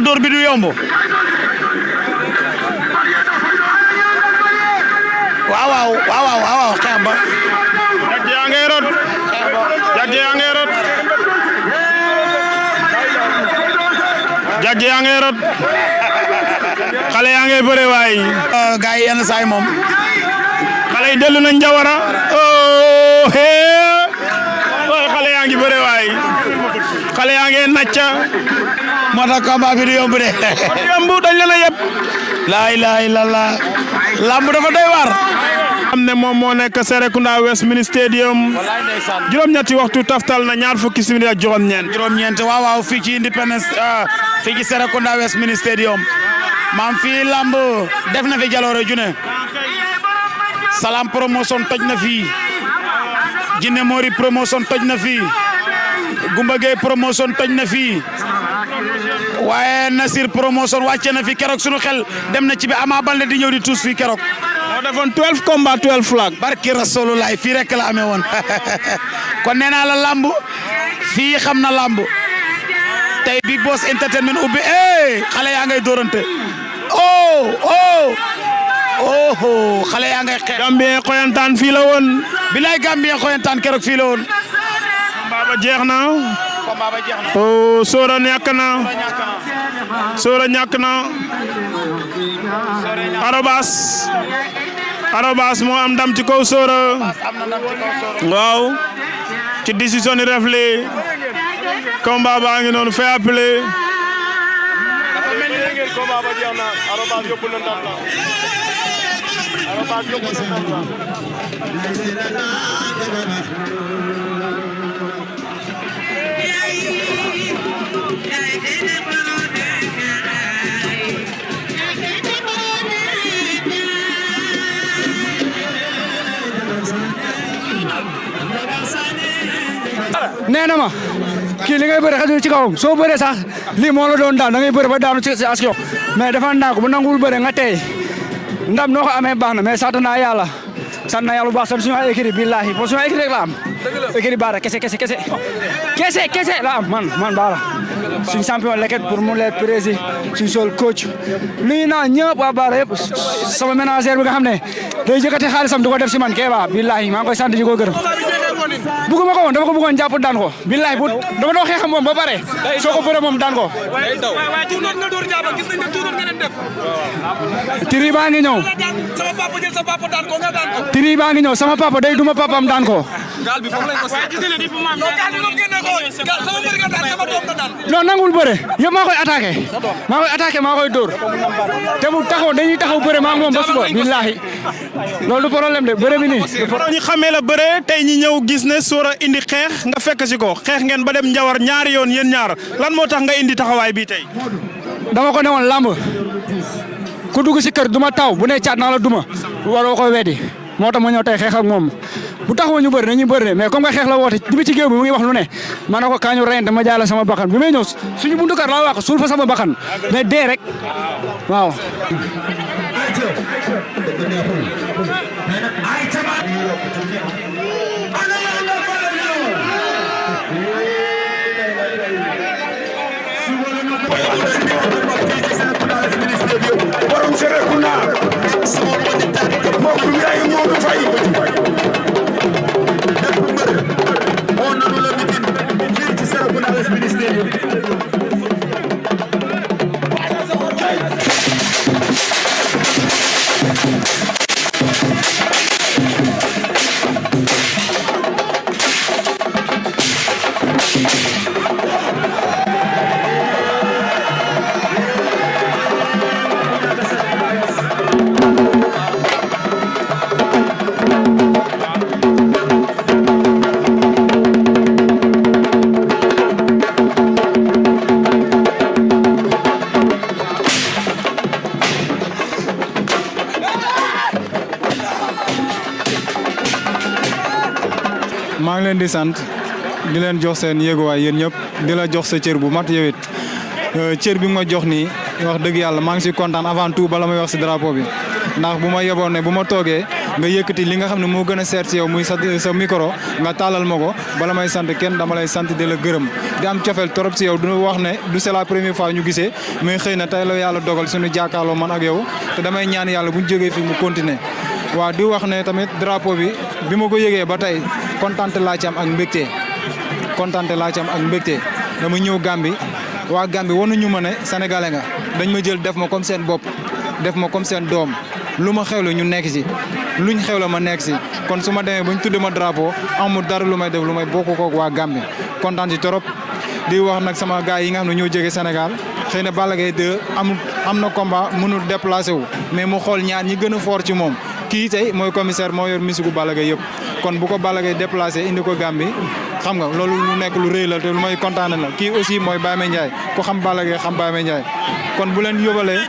S1: pourtant dóor bi du yomb
S10: waaw waaw waaw waaw ba
S1: jàjj rot jàjj rot jàjj yaa ngay rot yenn saay moom xale dellu nañ jawara oh hee waay xale yaa ngi nacca mata kaba bi du yomb de. kon yomb dañ la yeb. la ilaha illallah. lamb dafa doy waar. am ne moom moo Serekunda Westminster Stadium juroom ñetti waxtu taftal na ñaar fukki simi ak juroom ñen juroom ñeent waaw waaw fi ci Independence ah, fi ci Serekunda Westminster Stadium mam fi lamb def na fi jaloore june Salam promotion toj na fi Jinne Mori promotion toj na fi Gumba Gay promotion toj na fi waaye Nasir promotion wàcce na fi keroog sunu xel dem na ci bi Ama Baldé di ñëw di tuus fii keroog. moo defoon 12 combats 12 flag. barki Rasulullah fii rek la amee woon kon nee naa la lamb fii xam na lamb tey Big Boss Entertainment ubbi eh xale yaa ngay dóorante oh oh, oh oh xale yaa ngay xeex. Gambien xoyantaan fii la woon. bilay Gambien xoyantaan keroog fii woon. Baba jeex na. oh Sora ñàkk na Sora ñàkk na moo am ndam ci kaw Sora waaw ci décision ni reflé combat baa ngi noonu fair play
S4: nee na ma kii li ngay bëri xajul ci kawam soo bëree sax lii moo la doon daan da ngay bëri ba daanu ci as yow mais dafa naa ko bu nanguwul bëre nga tey ndam noo amee baax na mais sant naa yàlla sant naa yàlla bu baax sant suñu ay écrit billaahi bo suñu ay écrit rek la am écrit baara kese kese kese kese kese la am man man suñu champion leket pour mu leen prési suñu sol coach nuyu naa ñëpp waa Baara sama ménagère bi nga xam ne day jëkkati xaalisam di ko def si man Keba billahi maa ngi koy sant di ko gërëm bëgguma ko woon dama ko bëggoon jàpp daan ko billahi bu dama doon xeex moom ba pare soo ko bëree moom daan ko
S1: tiri baa ngi ñëw
S4: tiri baa ngi sama papa day duma papa daan ko ko non nangul bëre yëpp makoy attaquer makoy attaquer makoy dor te bu taxaw dañuy taxaw bëre maa ngi moom ba suba billahi lolou problème de bëre bi ni ñu xamé la bëre
S1: tay ñi ñew gis ne sura indi xex nga fekk ci ko xex ngeen ba dem njawar ñaar yoon yeen ñaar lan mo
S4: tax nga indi taxaway bi tay dama ko newoon lamb ku dugg ci kër duma taw bu ne caat na la duma waro ko weddi moo tax ma ñëw tay xex ak mom bu taxawoo ñu bëri nañu bari de mais comme nga xex la woote di ci géew bi mu ngi wax lu ne manako kañu rayen dama jaala sama bakan bi may ñew suñu buntu kar la wax suul fa sama bakan mais dé rek waaw
S8: Borom Serekunda, Mokk Njaay moo Deus, ministério.
S11: di sant di leen jox seen yéeguwaay yéen ñëpp di la jox sa cër bu mat yow it euh, cër bi ma jox nii wax dëgg yàlla maa ngi ma yeboon ne bu ma toogee li nga xam ne moo gën a seet si yow sa sa micro nga taalal ma ko bala may sant kenn dama lay sant di la gërëm di am cofeel torop si yow du wax ne du c'est la première ñu gisee mais xëy na tey la yàlla dogal suñu jàkkaarloo man ak yow te damay ñaan yàlla bu ñu fi mu continuer waaw di wax ne tamit drapeau bi bi ma ko yëgee ba tey kontante laa ak mbégte kontante laa ak mbégte dama ñëw Gambie waa Gambie wanuñu ma ne sénégalais nga dañ ma jël def ma comme seen bopp def ma comme seen doom lu ma xewle ñu nekk si luñ xewle ma nekk si kon su ma demee ba ñu tuddee ma drapeau amul dara lu may def lu may bokk koog waa Gambie kontaan ci torop di wax nag sama gars yi nga xam ne ñoo jógee Sénégal xëy na Balla Gaye 2 am am na combat mënul déplacé wu mais mu xool ñaar ñi gën a fort ci moom. kii tey mooy commissaire moo yor musique gu Balla Gaye kon bu ko Balla Gaye déplacé indi ko Gambie xam nga loolu lu nekk lu rëy la te lu may kontaane la kii aussi mooy Baye Mbaye Ndiaye ku xam Balla Gaye xam Baye Mbaye Ndiaye kon bu leen yóbbalee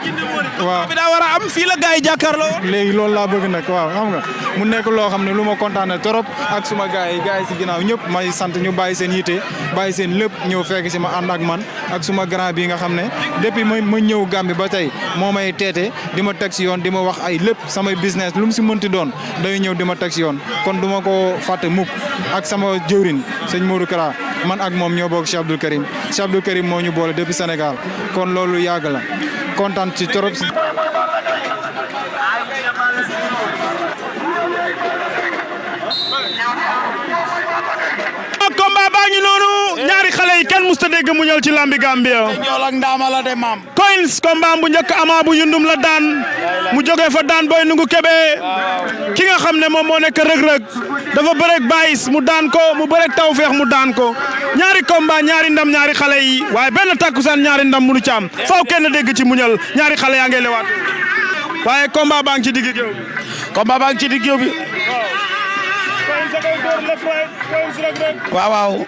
S11: waaw bi daa war a am fii la gars yi jàkkaarloo léegi loolu laa bëgg nag waaw xam nga mu nekk loo xam ne lu ma kontaane trop ak suma gars yi gars yi si ginnaaw ñëpp may sant ñu bàyyi seen yitte bàyyi seen lépp ñëw fekk si ma ànd ak man ak suma grand bi nga xam ne depuis ma ma ñëw Gambi ba tey moo may teete di ma teg si yoon di ma wax ay lépp samay business lu mu si mënti doon day ñëw di ma teg si yoon kon du ma ko fàtte mukk ak sama jëwrin sëñ Modou Kara man ak moom ñoo bokk Cheikh Abdoul Karim Cheikh Abdoul Karim moo ñu boole depuis Sénégal kon loolu yàgg la kontaan ci trop.
S1: combat baa ngi noonu ñaari xale yi kenn musta dégg mu ñëw ci lambi Gambia ñool ak ndaama la de maam Coins combat bu njëkk ama bu yundum la daan mu jógee fa daan booy nungu kebe ki nga xam ne moom moo nekk rëg dafa bëreeg bayis mu daan ko mu bëreeg tawféex mu daan ko ñaari combat ñaari ndam ñaari xalé yi waye benn takusan ñaari ndam lu ci am faaw kenn dégg ci muñal ñaari xalé ya ngay lewat waye combat bang ci digge bi combat wow. ci digge bi waaw waaw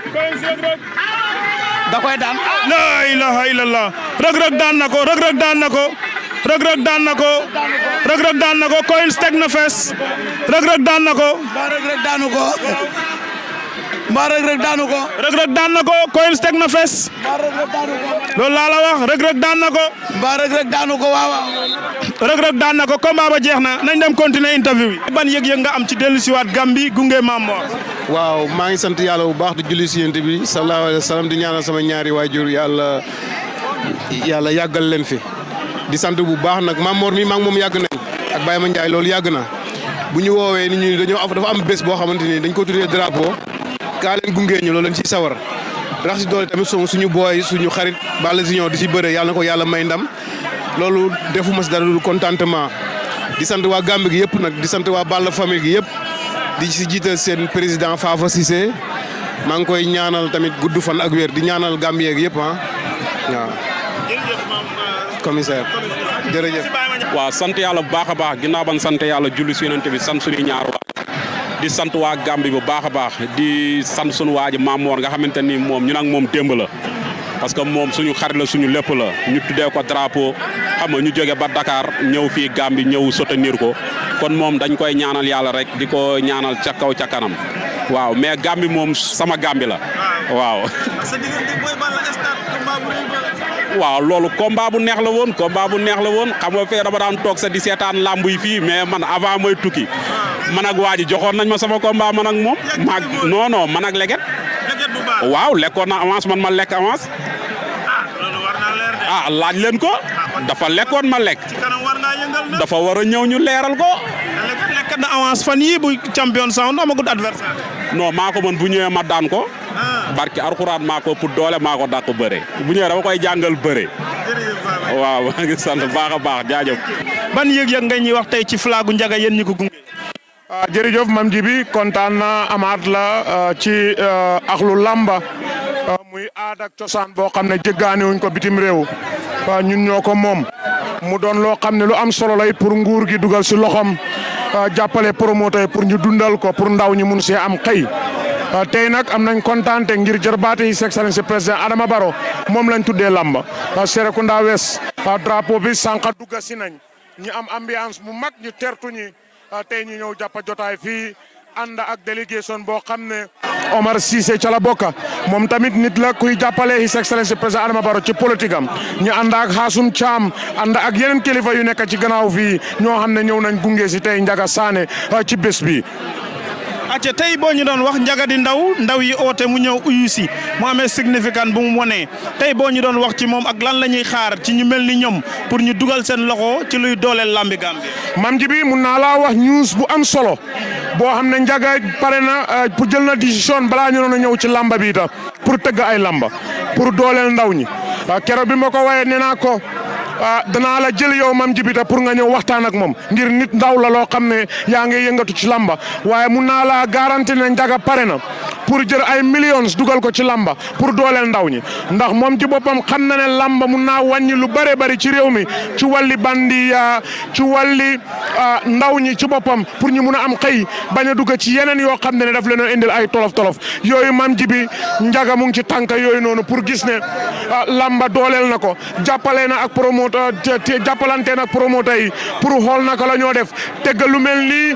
S1: da koy daan la ilaha illallah rek rek daan nako rek rek daan nako Reug Reug daan na ko Reug teg na fees Reug Reug daan na ko mbaa Reug Reug ko mbaa Reug Reug teg na fees mbaa Reug Reug daanu loolu laa wax Reug Reug daan na ko mbaa Reug Reug daanu ko daan na ko combat jeex na nañ dem continuer interview yi ban yëg-yëg nga am ci dellusiwaat Gambie gunge Mame Mor waaw maa ngi sant yàlla bu baax di julli si yéen bi sallallahu alayhi wa di ñaanal sama ñaari waajur yàlla yàlla yàggal leen fi di sant bu baax nak Mamor mi mak mom moom nañ ak bayama ndjay loolu yag na bu ñu nit ñi dañoo dafa am bes bo xamanteni dañ ko tuddé drapeau kaa leen ñu loolu lañ ci sawar rax ci doole tamit so suñu boy suñu xarit Balla Junior di ci bëre yalla nako ko may ndam loolu defuma ci dara lu contentement di sant wa Gàmbi gi yépp nak di sant wa ball famille gi yépp di ci jiital sen président Fafa Cissé mang koy ñaanal tamit gudd fan ak wër di ñaanal gambie yeeg yépp ha
S9: yeah commissaire jërëjëf. waaw sant bah bu baax a ban sant yàlla julli si yonent bi sant suñu ñaar di sant waa bu baax baax di sant suñu Mamor nga xamante ni moom ñu mom moom démb la parce que moom suñu xarit la suñu lépp la ñu tuddee ko drapeau xam ñu ba Dakar ñëw fii Gàmbi ñëw soutenir ko kon mom dañ koy ñaanal yàlla rek diko nyana ñaanal ca kaw ca kanam waaw mais sama gambi la waaw waaw loolu combat bu neex la woon combat bu neex la woon xam nga fee dama daan toog sa di seetaan làmb yi fii mais man avant mooy tukki man ak waa ji joxoon nañ ma sama combat man ak moom maag non non man ak leget waaw lekkoon na avance man ma lekk avance ah, ah laaj leen ko ah, dafa lekkoon ma lekk dafa war a ñëw ñu leeral ko
S1: lekkat na avance fan
S9: yii bu champion sound amagut adversaire non maa ko mën bu ñëwee ma daan ko ah barki alquran mako pour dole mako ko beure bëre bu ñëwee dama koy jangal beure waaw maa ngi sant baaxa baax jaajeuf
S10: ban yëg-yëg nga ñi wax tay ci flagu njaga yeen ñi ko ah jërëjëf mam ji bi kontaan na amad la ah, ci akhlu lamba ah, muy aad ak ciosan bo xamne ne wuñ ko bitim wa ah, ñun ñoko mom mu doon lo xamne lu am solo lay pour nguur gi dugal si loxoom jappalé promoteur pour ñu dundal ko pour ndaw ñi mun ci am xey Euh, tey nag am nañ kontante ngir jarbaate yi excellence président Adama Barrow moom lañ tuddee làmb euh, Serekunda West euh, drapeau bi sànq dugga si nañ ñu am ambiance mu mag ñu tertu ñi tey ñu ñëw jàppa jotaay fii ànd ak délégation boo xam ne Omar Cissé ca la bokka moom tamit nit la kuy jàppale His Excellency président Adama Barrow ci politique am ñu ànd ak Hassoum Thiam ànd ak yeneen kilifa yu nekk ci gannaaw fii ñoo xam ne ñëw nañ gunge si tey Njaga Saane ci bés bi acca tey boo ñu doon wax
S1: Ndiagadi Ndaw ndaw yi oote mu ñëw uyu mu amee significant bu mu wonee tey boo ñu doon
S10: wax ci moom ak lan la ñuy xaar ci ñu mel ni ñoom pour ñu dugal seen loxo ci luy dooleel làmbi Gambie. mam ji bi mun naa laa wax news bu am solo boo xam ne njaga pare na euh, pour jël na décision balaa ñu doon ñëw ci lamba bi itam pour tëgg ay lamba pour dooleel ndaw ñi euh, keroog bi ko waaye nee naa ko. Ah, danaa la jël yow mam jibita pour nga ñëw waxtaan ak moom ngir nit ndaw la loo xam ne yaa ngi yëngatu ci lamba waaye mun naa laa garanti ne njaga pare na pour jël ay millions dugal ko ci lamba pour dooleel ndaw ñi ndax moom ci boppam xam na ne lamba mun naa wàññi lu bare bari ci réew mi ci wàlli bandi ci wàlli ah, ndaw ñi ci boppam pour ñu mun a am xëy bañ a dugg ci yeneen yoo xam ne ne daf leen a indil ay tolof tolof yooyu mam ji bi njaga mu ngi ci tànk yooyu noonu pour gis ne ah, lamba dooleel na ko jàppale na ak promoteur jàppalante na ak yi pour xool naka la ñoo def tegg lu mel nii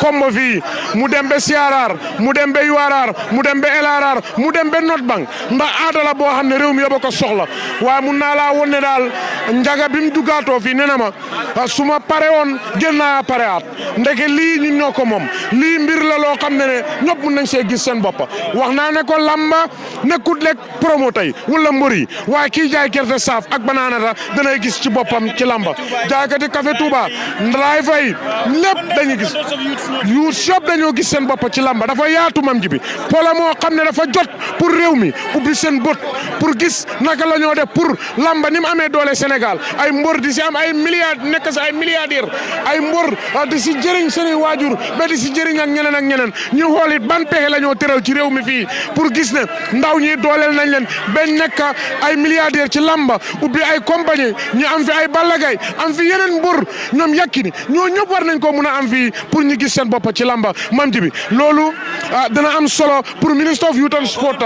S10: kombo ah, fii mu dem be Siaraar mu dem ba Yuaraar mu dem ba LRR mu dem ba North Bank ndax aada la boo xam ne réew mi yóbbu ko soxla waaye mun naa laa won ne daal njaga bi mu fii ne na ma ah, su ma pare woon gën naa pare aat ndeke lii ñu ko moom lii mbir la loo xam ne ne ñëpp mun nañ see gis seen boppa wax naa ne ko lamba nekkut lekk promo tey wala mbër yi waaye kii jaay gerte saaf ak banaana ta danay gis ci boppam ci lamba jaaykati kafe Touba ndaay fay lépp dañuy gis yu sëb dañoo gis seen boppa ci lamba dafa yaatu mam ji bi polo moo xam ne dafa jot pour réew mi ubbi seen bët pour gis naka la ñoo def pour lamba ni mu amee doole Sénégal ay mbër di si am ay milliard nekk si ay milliardaire ay mbër ah, di si jëriñ seen waajur ba di si jëriñ ak ñeneen ak ñeneen ñu xool it ban pexe la ñoo tëral ci réew mi fii pour gis ne ndaw ñi dooleel nañ leen ba nekk ay milliardaire ci lamba ubbi ay compagnie ñu am fi ay ballagay am fi yeneen mbor ñoom yakkini ñoo ñëpp war nañ koo mun a am fii pour ñu gis seen bopp ci lamba mam bi pour ministre of youth and sport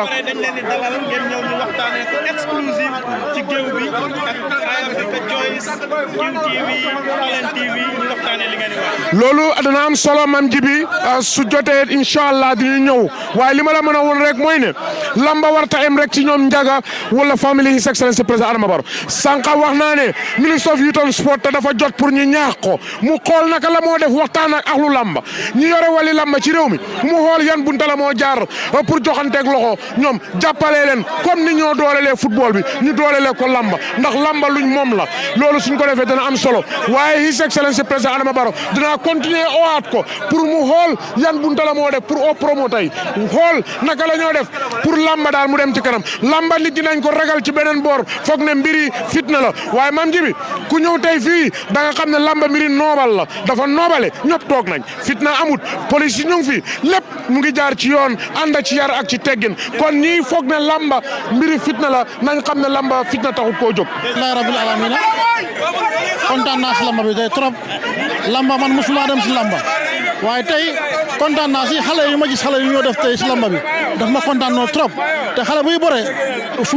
S10: loolu dana am solo mam djibi ah, su joté inshallah allah ñew ñëw waaye li ma la rek moy ne lamba warta am rek ci ñom ndaga wala family his excellence président arma bar sanka wax naa ne ministre of youth and sport dafa jot pour ñu ñaax ko mu xol naka la mo def waxtaan ak axlu lamba ñi yoré wali lamba ci réew mi mu xol yan buntala la jaar contre pour ak loxo ñom jappalé len comme ni ñoo le football bi ñu le ko lamba ndax lamba luñ mom la lolu suñ ko défé dana am solo waye his excellence président Adama baro dana continuer owaat ko pour mu hol yan bunta la mo def pour o promo tey naka la ñoo def pour lamba dal mu dem ci kanam lamba nit dinañ ko ragal ci benen bor fokk ne mbiri fitna la waye mam djibi ku ñew tay fi da nga xamne lamba mbiri nobal la dafa nobalé ñop tok nañ fitna amut police ñu ngi fi lepp mu ngi jaar ci yoon ànd ci yar ak ci teggin kon ñii foog ne lamba mbiri fitna la nañ xam ne lamba fitna taxu koo jóg.
S1: alhamdulilah rabbil alamin kontaan naa si lamba bi day trop lamba man mosuma dem si lamba. waaye tey kontaan si xale yi ma gis xale yi ñoo def tey si lamba bi daf ma kontaan noo trop te xale buy bore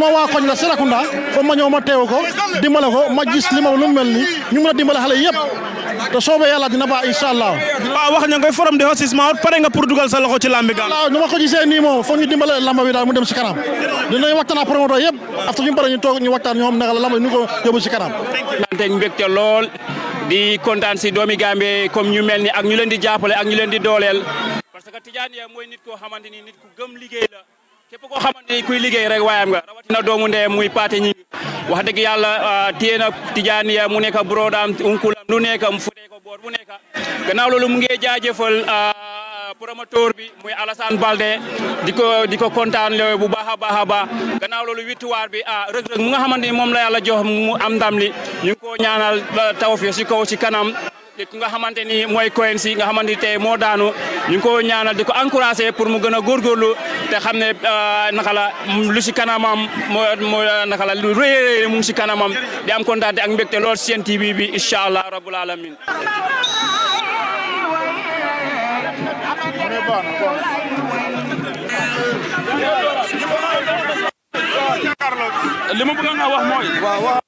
S1: ma waa koñ la Serekunda fa ma ñëw ma teew ko dimbale ko ma gis li ma lu mel ni ñu mën a dimbale xale yëpp te soobee yàlla dina baax incha allah. waaw wax nga koy forom de haussissement pare nga pour dugal sa loxo ci lambi ga. waaw nu ma ko gisee nii moom foog ñu dimbale lamba bi daal mu dem si kanam dinañ waxtaan ak promoteur yëpp after ñu pare ñu toog ñu waxtaan
S10: ñoom naka la lamba bi ñu ko yóbbu si
S9: lool. di kontaan si doomi Gambie comme ñu mel ni ak ñu leen di jàppale ak ñu leen di dooleel. parce que Tijaan ya mooy nit koo xamante nit ku gëm liggéey la képp koo kuy liggéey rek waayam nga rawatina doomu muy Pathé ñi wax dëgg yàlla euh, téye Tijaan ya mu nekk brodaam unkulam lu nekk mu futee ko boor bu nekk gannaaw promoteur bi muy Alassane Balde di ko di kontaan bu baax a baax a baax gannaaw loolu bi ah Reug Reug mu nga xamante ni moom la yàlla jox mu am ndam li ñu ngi koo ñaanal tawfiq si kaw si kanam di nga xamante ni mooy Coen si nga xamante ni tey moo daanu ñu ngi ko ñaanal di ko encouragé pour mu gën a góorgóorlu te xam ne ah, naka la lu si kanamam moo naka la lu rëy rëy mu si kanamam di am kontaan ak mbégte lool seen TV bi incha allah rabbul alamin
S10: é bom, é
S6: bom. li wax
S7: mooy. waaw waaw.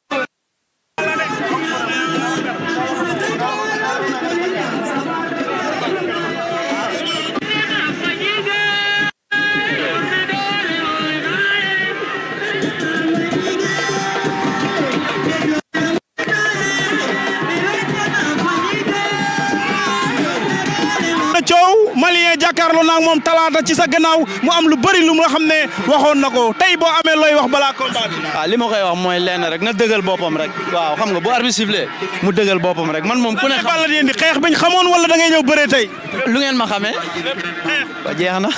S1: waxoon naa moom talaata ci sa gannaaw mu am lu bëri lu nga xam ne waxoon na ko tey boo amee looy wax balaa
S12: combat bi. waaw li ma koy wax mooy lenn rek na dëggal boppam rek waaw xam nga bu arbitre sifflé mu dëggal boppam rek man moom ku ne. xam la di xeex biñ xamoon wala da ngay ñëw bëree tey. lu ngeen ma xamee. ba jeex na.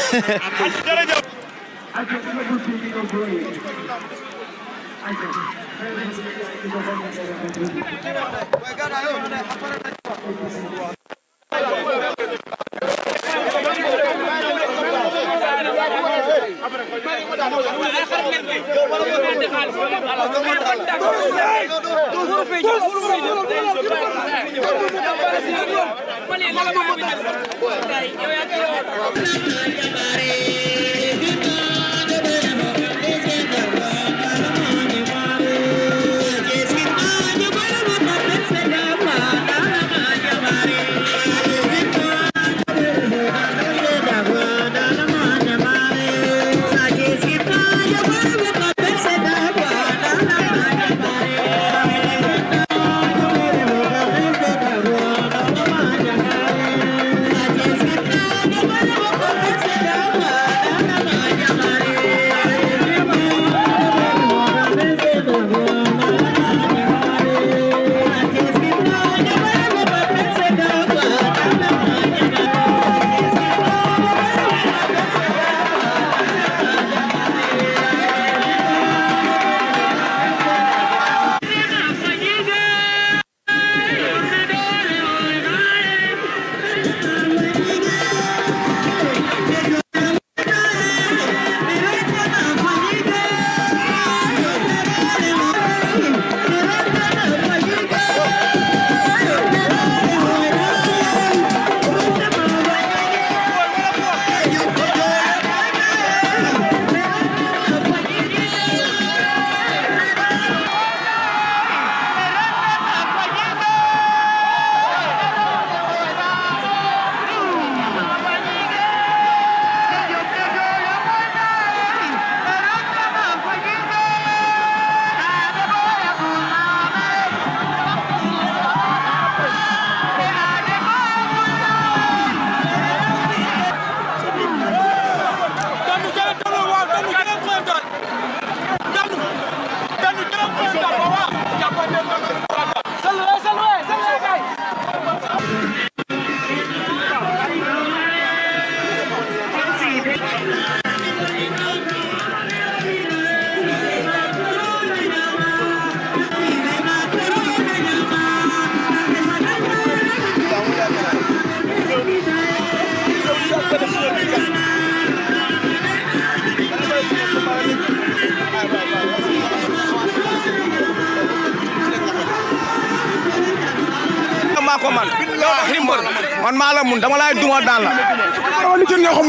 S8: jërëjëf. Obrigado, a you.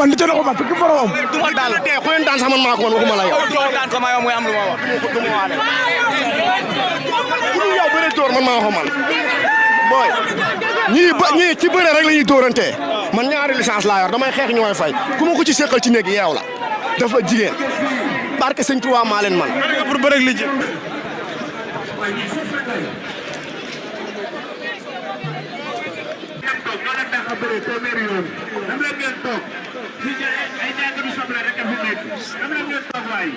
S5: man li ca
S1: doon man fukki borom.
S3: du ma daal de xoyoon daan sax man maa ko man waxuma la yow. du ma daan man maa man. booy ñii ci bëre rek la ñuy man ñaari licence laa yor damay xeex ñu fay ku ma ko ci seqal ci néeg yeew la dafa jigéen barke sëñ Tuubaa maa leen man
S1: waay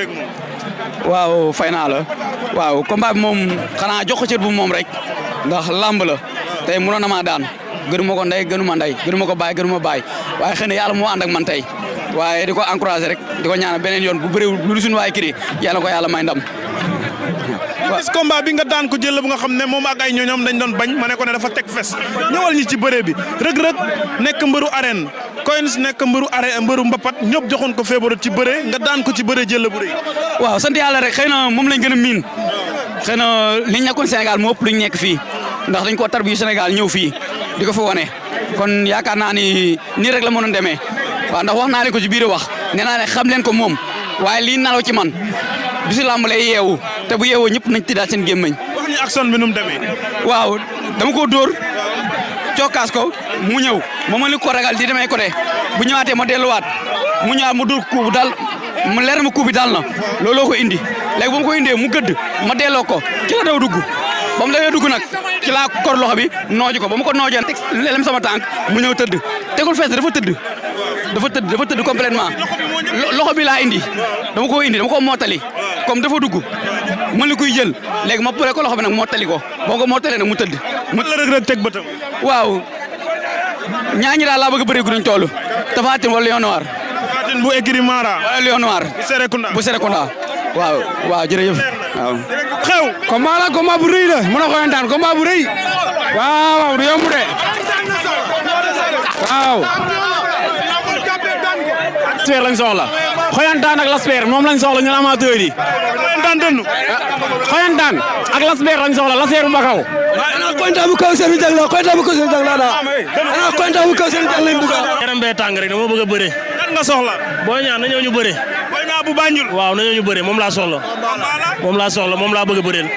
S2: bëreeg
S13: moom. waaw fay naa la waaw combat moom xanaa jox ko cër bu moom rek ndax lamb la te mënoon na maa daan gënu ma ko ndey gënu ma ndey gënu ma ko bàyyi gënu ma bàyyi waaye xëy na yàlla moo ànd man tey waaye di ko encouragé rek di ko ñaanal beneen yoon bu bëree lu suñu waay kii yàlla ko yàlla may ndam.
S1: gis combat bi nga daan ko jël bu nga xam ne moom ak ay ñoñoom dañ doon bañ ma ne ko ne dafa teg fes ñëwal ñi ci bëre bi rëg-rëg nekk mbëru arène Quench nekk mbëru arène mbëru mbapat ñëpp joxoon ko feebaru ci
S13: bëre nga daan ko ci bëre jël bu rëy waaw sant yàlla rek xëy na moom lañ gën a miin xëy Sénégal moo ëpp luñ nekk fii ndax dañ koo tarbi Sénégal ñëw fii di ko fa wane kon yaakaar naa ni nii rek la mënoon demee waaw ndax wax naa leen ko ci biir wax nee naa ne xam leen ko moom waaye lii nalaw ci man bi si lay yeewu te bu yeewoo ñep nañ tiddaat seen gemmañ wax ñu ak son bi num mu waaw dama ko dor ciokas ko mu ñëw ma li ko ragal di ko côté bu mo ma delluwaat mu ñëwaat mu dóor kubu dal mu leer ma kuubi daal na lolo ko indi léegi bu ko indee mu gëdd ma delloo ko ci la daw dugg ba mu dawee dugg nak ci la kor loxo bi nooju ko ba mu ko noojee lem sama tank mu ñew teud tegul fess dafa teud dafa teud dafa teud complètement loxo bi la indi dama ko indi dama ko motali comme dafa dugg mën li koy jël léegi ma pare ko loxo bi nag moo tali ko boo ko moo talee mu tëdd. mu la rëg rëg teg bëtam. waaw ñaañi daal laa bëgg a bëree gu ñu toll Tapha Tine bu écrit Mara. wala Lion bu Serekunda waaw waaw jërëjëf waaw. xew combat la combat bu rëy la mën a xoyantaan bu rëy waaw waaw du yomb de waaw. l'expert lañ soxla
S1: xoyantaan ak l'expert mom lañ soxla ñun amateur yi xoyantaan dënnu xoyantaan
S5: ak l'expert lañ soxla l'expert bu bakaw xoyantaan bu kaw seen jàng la xoyantaan bu kaw seen jàng la da ana ah, xoyantaan bu kaw seen jàng lañ bëgg yaram be tang rek dama bëgg bëre lan nga soxla boy ñaan nañu ñu bëre boy ñaan bu bañul waaw nañu ñu bëre moom la soxla moom la soxla moom la bëgg bëreel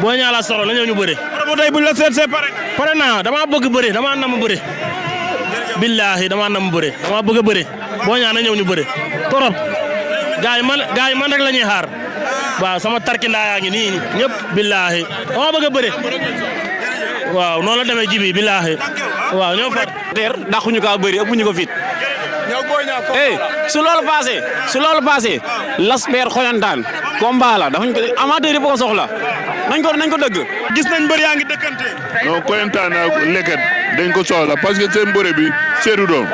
S1: boy ñaan la soxla nañu ñu bëre la c'est pare pare na dama bëgg bëre dama nam
S5: bëre billahi dama nam bëre dama bëgg bëre boo ñaa na ñëw ñu bëre torop gaay man gaay man rek lañuy xaar waaw sama tarkindaa yaa ngi nii ñëpp
S1: billaahi dama bëgg bëre waaw noonu la démé jibi billahi
S9: waaw ñoo der teer daxuñu kaa bëri ëpp ñu ko fit eh su loolu passé su loolu passé laspeer xoyantaan combat la dafañ ko amateur yëpp ko soxla
S10: nañ ko nañ ko dëgg gis nañ No yaa ngi dëkkante non dañ ko soxla parce que seen bëre bi seetu doon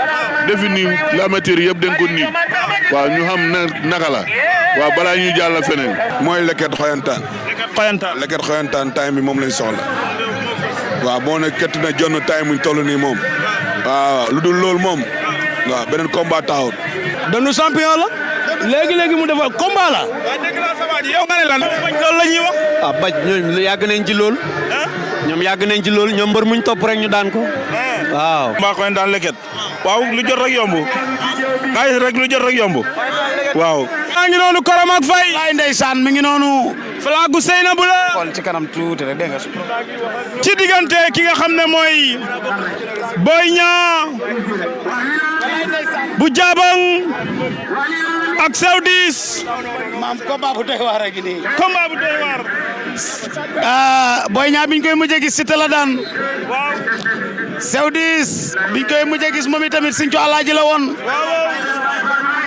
S10: defi nii la matière yëpp dañ ko nii waaw ñu xam na naka la waaw balaa ñuy jàll feneen. mooy leket xoyantaan. xoyantaan
S6: leket xoyantaan time bi moom lañ soxla waaw boo ne kett jon jonn time bi nii moom waaw lu dul loolu moom waa beneen combat taxawut. danu champion
S1: la. léegi léegi mu defa combat la. yow nga ne lan. loolu la ah, ci loolu. ñom yag nañ ci lool ñom mbër muñ top rek ñu daan ko waaw mbaa ko daan leket waaw lu jot rek yomb kay rek lu jot rek yomb waaw maa ngi nonu korom ak fay lay ndeysaan mi ngi fala gu seyna bu la xol ci kanam tuuti rek dégg nga ci diggante ki nga xam moy boy bu jabang ak mam ko ba bu tay war ak ni ko ba bu tay war ah Boy Niang biñ koy mujjee gis Siteu la daan sew diis biñ koy mujjee gis moom tamit Sinthiou Alaaji la woon.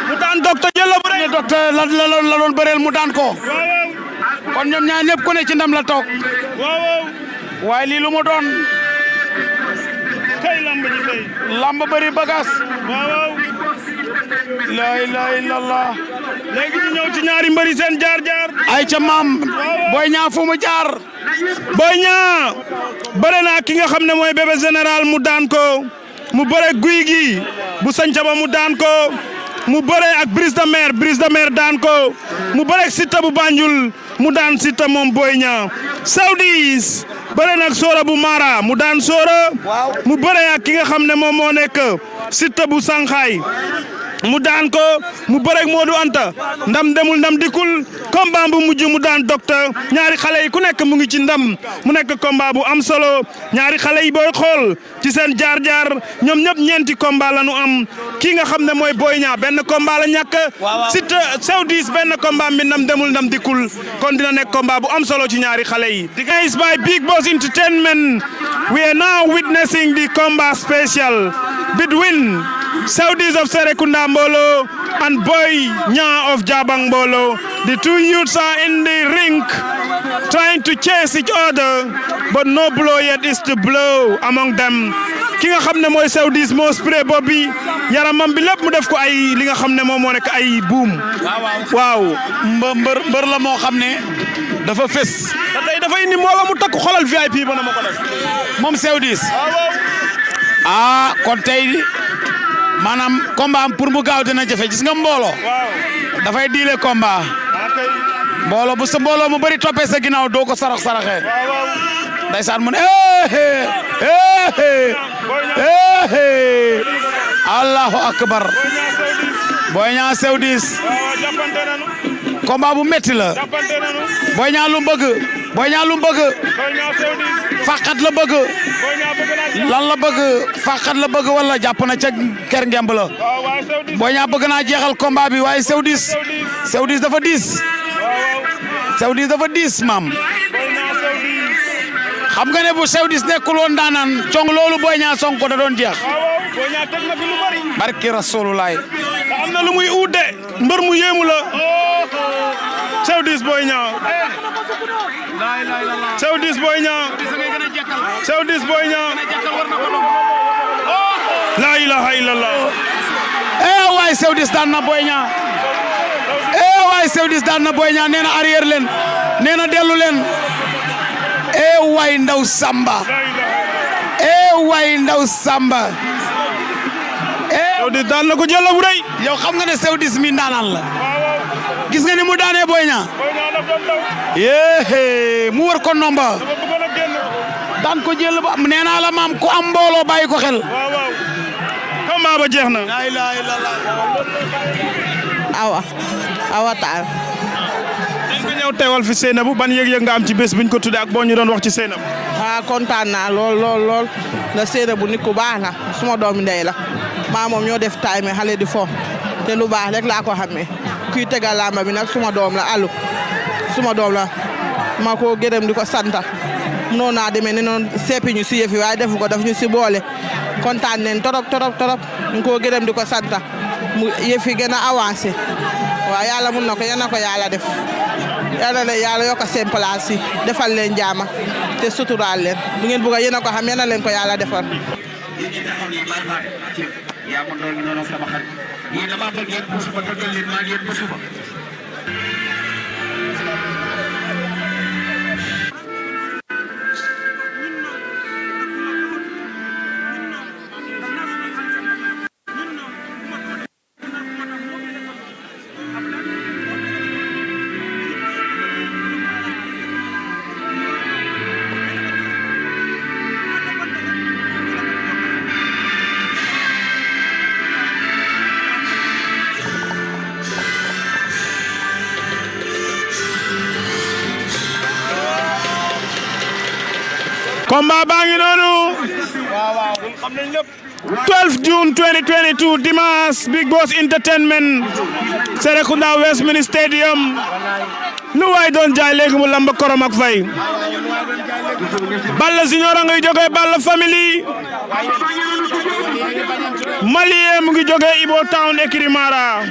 S1: mu daan docteur jël la bëree. docteur mu daan ko. kon ñoom ñaar ñëpp ku ci ndam la toog. waaye lii lu mu doon. tey lamb ji tey. lamb bëri bagaas. waaw. la léegi ñu ñëw ci ñaari mbëri seen jaar jaar. ay ca maam booy ñaa mu jaar. booy ñaa bëre ki nga xam ne mooy bébé général mu daan ko mu bëre guy gi bu ba mu daan ko mu bëre ak brise de mer brise mu bëre ak Siteu bu Banjul mu daan Siteu moom booy ñaa sawdis bëre nag bu Mara mu daan soora mu bëre ak ki nga xam ne moom moo nekk Siteu bu Sanxaay mu daan ko mu moo Modou Anta ndam demul ndam dikul combat bu mujj mu daan docteur ñaari xale yi ku nekk mu ngi ci ndam mu nekk combat bu am solo ñaari xale yi booy xool ci seen jaar-jaar ñoom ñëpp ñeenti combat la ñu am kii nga xam ne mooy Boy ñaa benn combat la ñàkk. Siteu benn combat bi ndam demul ndam dikul kon dina nekk combat bu am solo ci ñaari xale yi. Guys by Big Boss Entertainment we are now witnessing the combat special between Mbolo and Boy Nya of Jabang Mbolo. The two youths are in the rink ki nga xam ne mooy sew diis moo spray bopp bi yaramam bi lépp mu def ko ay li nga xam ne moom moo nekk ay buum. waaw mbër mbër la moo xam ne dafa fes te tey dafa indi mu takk xolal VIP ba na ma ko moom sew diis ah kon tey maanaam combat am pour mu gaaw dina jafe gis nga mbooloo. dafay diile combat. Ah, mbooloo bu sa mbooloo mu bari toppee sa ginnaaw doo ko sarax saraxee. ndaysaan mu ne eh eh eh allahu akbar. Boy Niang sew diis. combat bu metti la. Boy Niang Boy Niang lu mu bëgg faqat la bëgg lan la bëgg faqat la bëgg wala jàpp na ca ker ngemb la Boy bëgg naa jeexal combat bi waaye sew diis sew diis dafa diis sew diis dafa diis maam xam nga ne bu sew diis nekkul woon daanaan cong loolu Boy Niang song ko da doon jeex barki rasulullaay am na lu muy uude mbër mu yéemu la oh, oh. Sow diis Boy Niang. Sow diis Boy Niang. Sow diis Boy Niang. laa ilaaha illallah. eh waay Sow diis daan na Boy Niang. eh waay Sow diis daan na Boy Niang nee na arrière leen nee na dellu leen. Eh, ndaw Samba. eh waay ndaw Samba. Eh, Sow diis daan na ko jël bu xam nga ne Sow diis mi ndaanaan la. gis nga ni mu daanee Boy Niang yéé mu war ko nomba daan ko jël ba nee naa la maam ku am mbooloo bàyyi ko xel combat ba jeex na la ilaha illallah awa awa taal nga ñëw teewal fi Seynabou ban yëg-yëg nga am ci bés biñ ko tuddee ak boo ñu doon wax ci Seynabou ah kontaan naa lool lool lool na Seynabou nit ku baax
S3: la suma doomi ndey la maa moom ñoo def taay mi xale di fo te lu baax rek laa ko xamee kuy tegal làmba bi nag suma doom la Alieu suma doom la ma ko gërëm
S1: di ko santa mënoon naa demee ne noon seppi ñu si yëf yi waaye defu ko def ñu si boole kontaan nañ torop torop torop ñu ko gërëm di ko santa mu yëf yi gën a avancé waaw yàlla mun na ko yal na ko yàlla def yàlla na yàlla yokk seen place yi defal leen jaama te suturaal leen bu ngeen bëgg a yéen a ko xam yal na leen ko yàlla defal.
S13: yaa ma loolu noonu sama xarit yéen damaa bëgg yéen ba suba tëjal leen maa ngi yéen ba suba.
S1: To Dimas Big Boss Entertainment Serekunda Westminster Stadium lu Don doon jaay léegi mu lamb korom ak fay Balla signora ngi Balla Family Malie mu ngi joge Ibo Town Ekirimara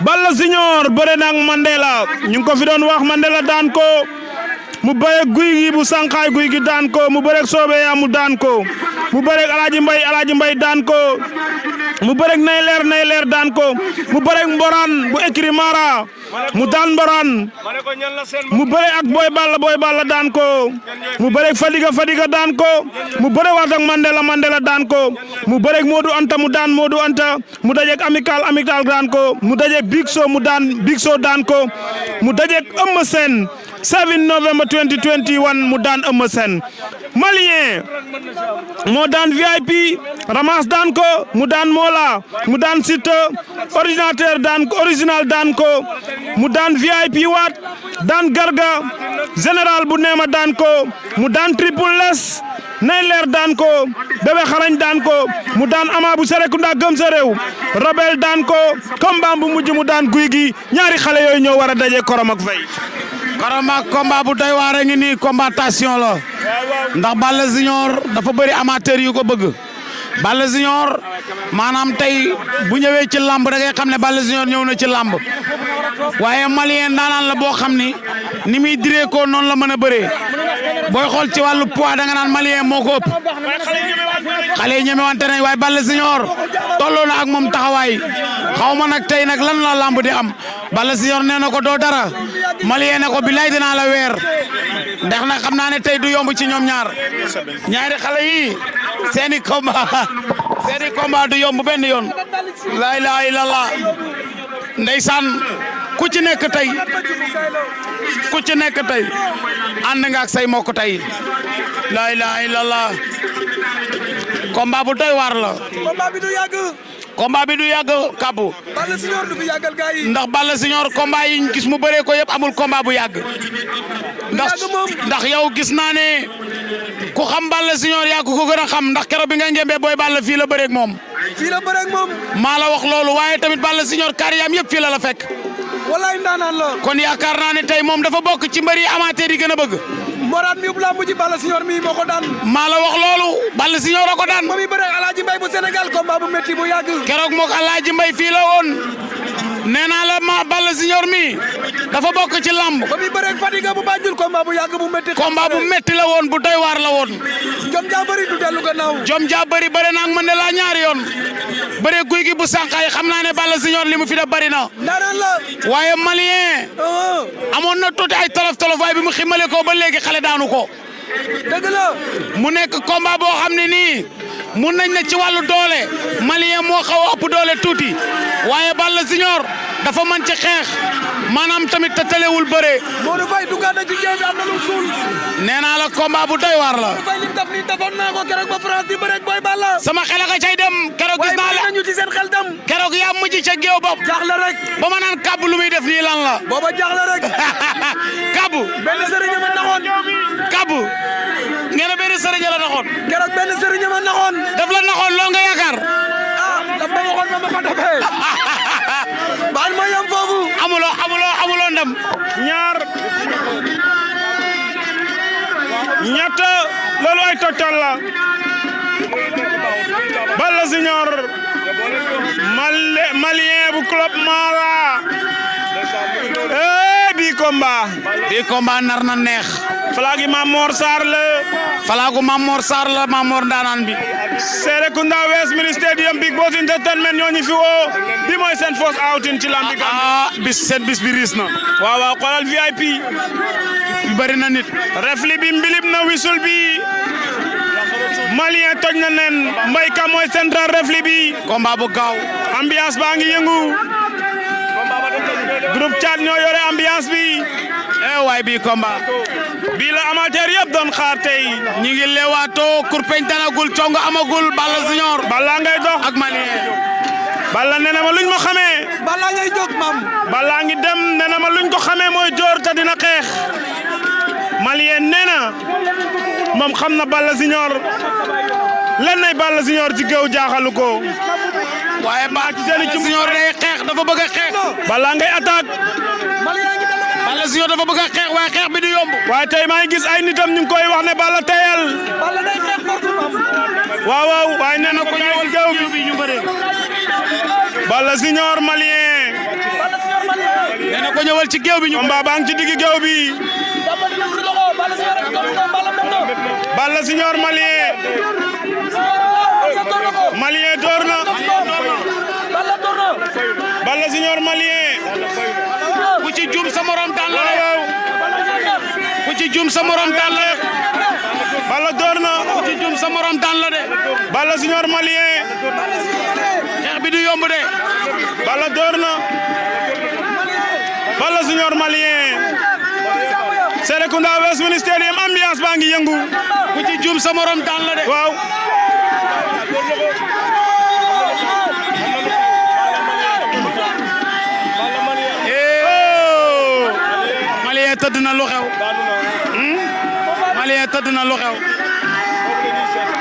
S1: Balla signor bere nak Mandela ñu ko fi don wax Mandela dan ko mu baye guuy gi bu sankay guuy gi dan ko mu bëre sobe ya mu dan ko mu bëreeg alaaji mbay alaaji mbay daan ko mu bëreeg nay leer nay leer daan ko mu bëreeg mboraan bu écri mara mu daan mboraan
S5: mu bëreeg ak booy
S1: balla booy balla daan ko mu bëreeg fadiga fadiga daan ko mu bëreeg waat ak mandela mandela daan mu bëreeg moodu anta mu daan moodu anta mu dajeeg amical amical daan mu dajeeg big so mu daan big so mu dajeeg ëmm 7 novembre 2021 mu daan Eumeu Sène Malien moo daan VIP Ramas daan ko mu daan Mola mu daan Siteu ordinateur daan original daan ko mu daan VIP waat daan Garga général bu neema daan mu daan Triple Less nay leer daan ko bébé xarañ daan ko mu daan ama bu Serekunda gëm sa réew Robel daan ko combat bu mujj mu daan guy gi ñaari xale yooyu ñoo war a daje korom ak fay. Karama combat bu doy waar a ngi nii combat la ndax Balla Junior dafa bëri amateur yu ko bëgg. Balla Junior maanaam tey bu ñëwee ci lamb da ngay xam ne Balla Junior ñëw na ci lamb waaye malien daanaan la boo xam ni ni muy diree ko noonu la mën a bëree booy xool ci wàllu poids da nga naan malien moo ko ëpp xale yi ñemewante nañ waaye Balla Junior tolloo na ak moom taxawaay xaw ma nag tey nag lan la lamb di am Balla Junior nee na ko doo dara malien ne ko bilaay dinaa la weer
S8: ndax na xam naa ne tey du yomb ci ñoom ñaar ñaari
S1: xale yi seeni
S12: combat
S8: seeni
S1: combat du yomb benn yoon laa ilaaha illallah
S12: ndeysaan ku ci nekk tey
S1: ku ci nekk tey ànd nga ak say tey laa ilaaha illallah combat bu doy waar la combat bi du yàgg kàbbu. Balla Signor ndax Balla siñor combat yi ñu gis mu bëree ko yëpp amul combat bu yàgg. ndax ndax yow gis naa ne ku xam Balla Signor yaa ko gën a xam ndax keroog bi nga ngembee booy Balla fii la bëreeg moom. fii la bëreeg moom. maa la wax loolu waaye tamit Balla Signor carrière am yëpp fii la la fekk. wallaay la. kon yaakaar naa ne tey moom dafa bokk ci mbër yi amateur yi gën a bëgg. Morane mi bu laa mujj Balla Signor mi moo ko daan. maa la wax loolu. Balla Signor a ko daan. ba muy bëre Alaaji Mbay bu Sénégal combat bu métti bu yàgg. keroog moog Alaaji Mbay nee naa la ma Balla Junior mi dafa bokk ci lamb. ba muy bëreeg Fadiga bu Banjul combat bu yàgg bu bu la woon bu doy waar la woon. Jom jaa bëri du dellu gannaaw. Jom jaa naa mën ne laa ñaari yoon bëree guy gi bu sànqaay xam naa ne Balla Junior li mu fi def bëri na. ndaanaan la. waaye Malien. Uh-huh. na tuuti ay tolof tolof waaye bi mu ximale ko ba léegi xale daanu ko. mu nekk combat boo xam ne nii. mu nañ ne ci wàllu doole malien moo xaw a ëpp doole tuuti waaye Balla Junior dafa man ci xeex maanaam tamit te tëlewul bëre. Modou Faye na nee naa la combat bu doy waar la. naa ko keroog ba France di sama xel a cay dem. keroog gis naa ci seen xel dem. keroog yaa mujj ca géew bopp. jaaxle rek. ba ma naan kàbb lu muy def nii lan la. booba jaaxle benn sëriñ la naxoon. keroog benn sëriñ ma naxoon. daf la naxoon loo nga yaakaar. ah daf ma waxoon foofu. amuloo amuloo amuloo ndam. ñaar ñett loolu ay tottal la. Balla Junior malien bu club Mara.
S9: bi komba bi komba nar na neex
S1: falaagi Mamor Sarr la falaagu Mamor Sarr la Mamor danan bi Serekunda West Mini Stadium Big Boss Entertainment ñoni fi woo bi mooy seen first outing ci lambi ah, ah bi seen bis bi risna wa wa xolal VIP yu bari na nit refli bi mbilib na wisul bi Malien togn na nen Mbayka mooy central refli bi combat bu gaw ambiance ba ngi yëngu group chat ñoo yore ambiance bi eh way bi combat bi la amateur yeb don xaar tay ñi ngi leewaatoo kurpeñ tanagul congo amagul Balla Junior Balla ngay dox ak mané Balla néna ma luñ ma xamé Balla ngay jóg mam Balla ngi dem néna ma luñ ko xamé moy jor ta dina xex Malien néna mam xamna Balla Junior lan nay Balla Junior ci géew jaaxalu ko.
S10: waaye Balla Junior day
S1: xeex dafa bëgg a xeex. Balla ngay attaque. Balla Junior dafa bëgg a xeex waaye xeex bi du yomb. waaye tey maa ngi gis ay nitam ñu ngi koy wax ne Balla teyal. waaw waaye nee na ko ñëwal géew bi. Balla Junior malien. nee na ci géew bi ñu. combat ngi ci digg géew bi.
S5: Balla Signor Malien
S1: Malien door na Balla Signor Malien ku ci jum sa morom daan la ku ci jum sa morom daan la Balla door na ku ci jum sa morom daan la de Balla Signor Malien xeex bi du de Balla door na Balla Signor Malien Serekunda Westminster Stadium ambiance baa ngi yëngu. ku ci juum sa morom daan la de. waaw. Oh. Malien tëdd na lu xew. Malien tëdd na lu xew.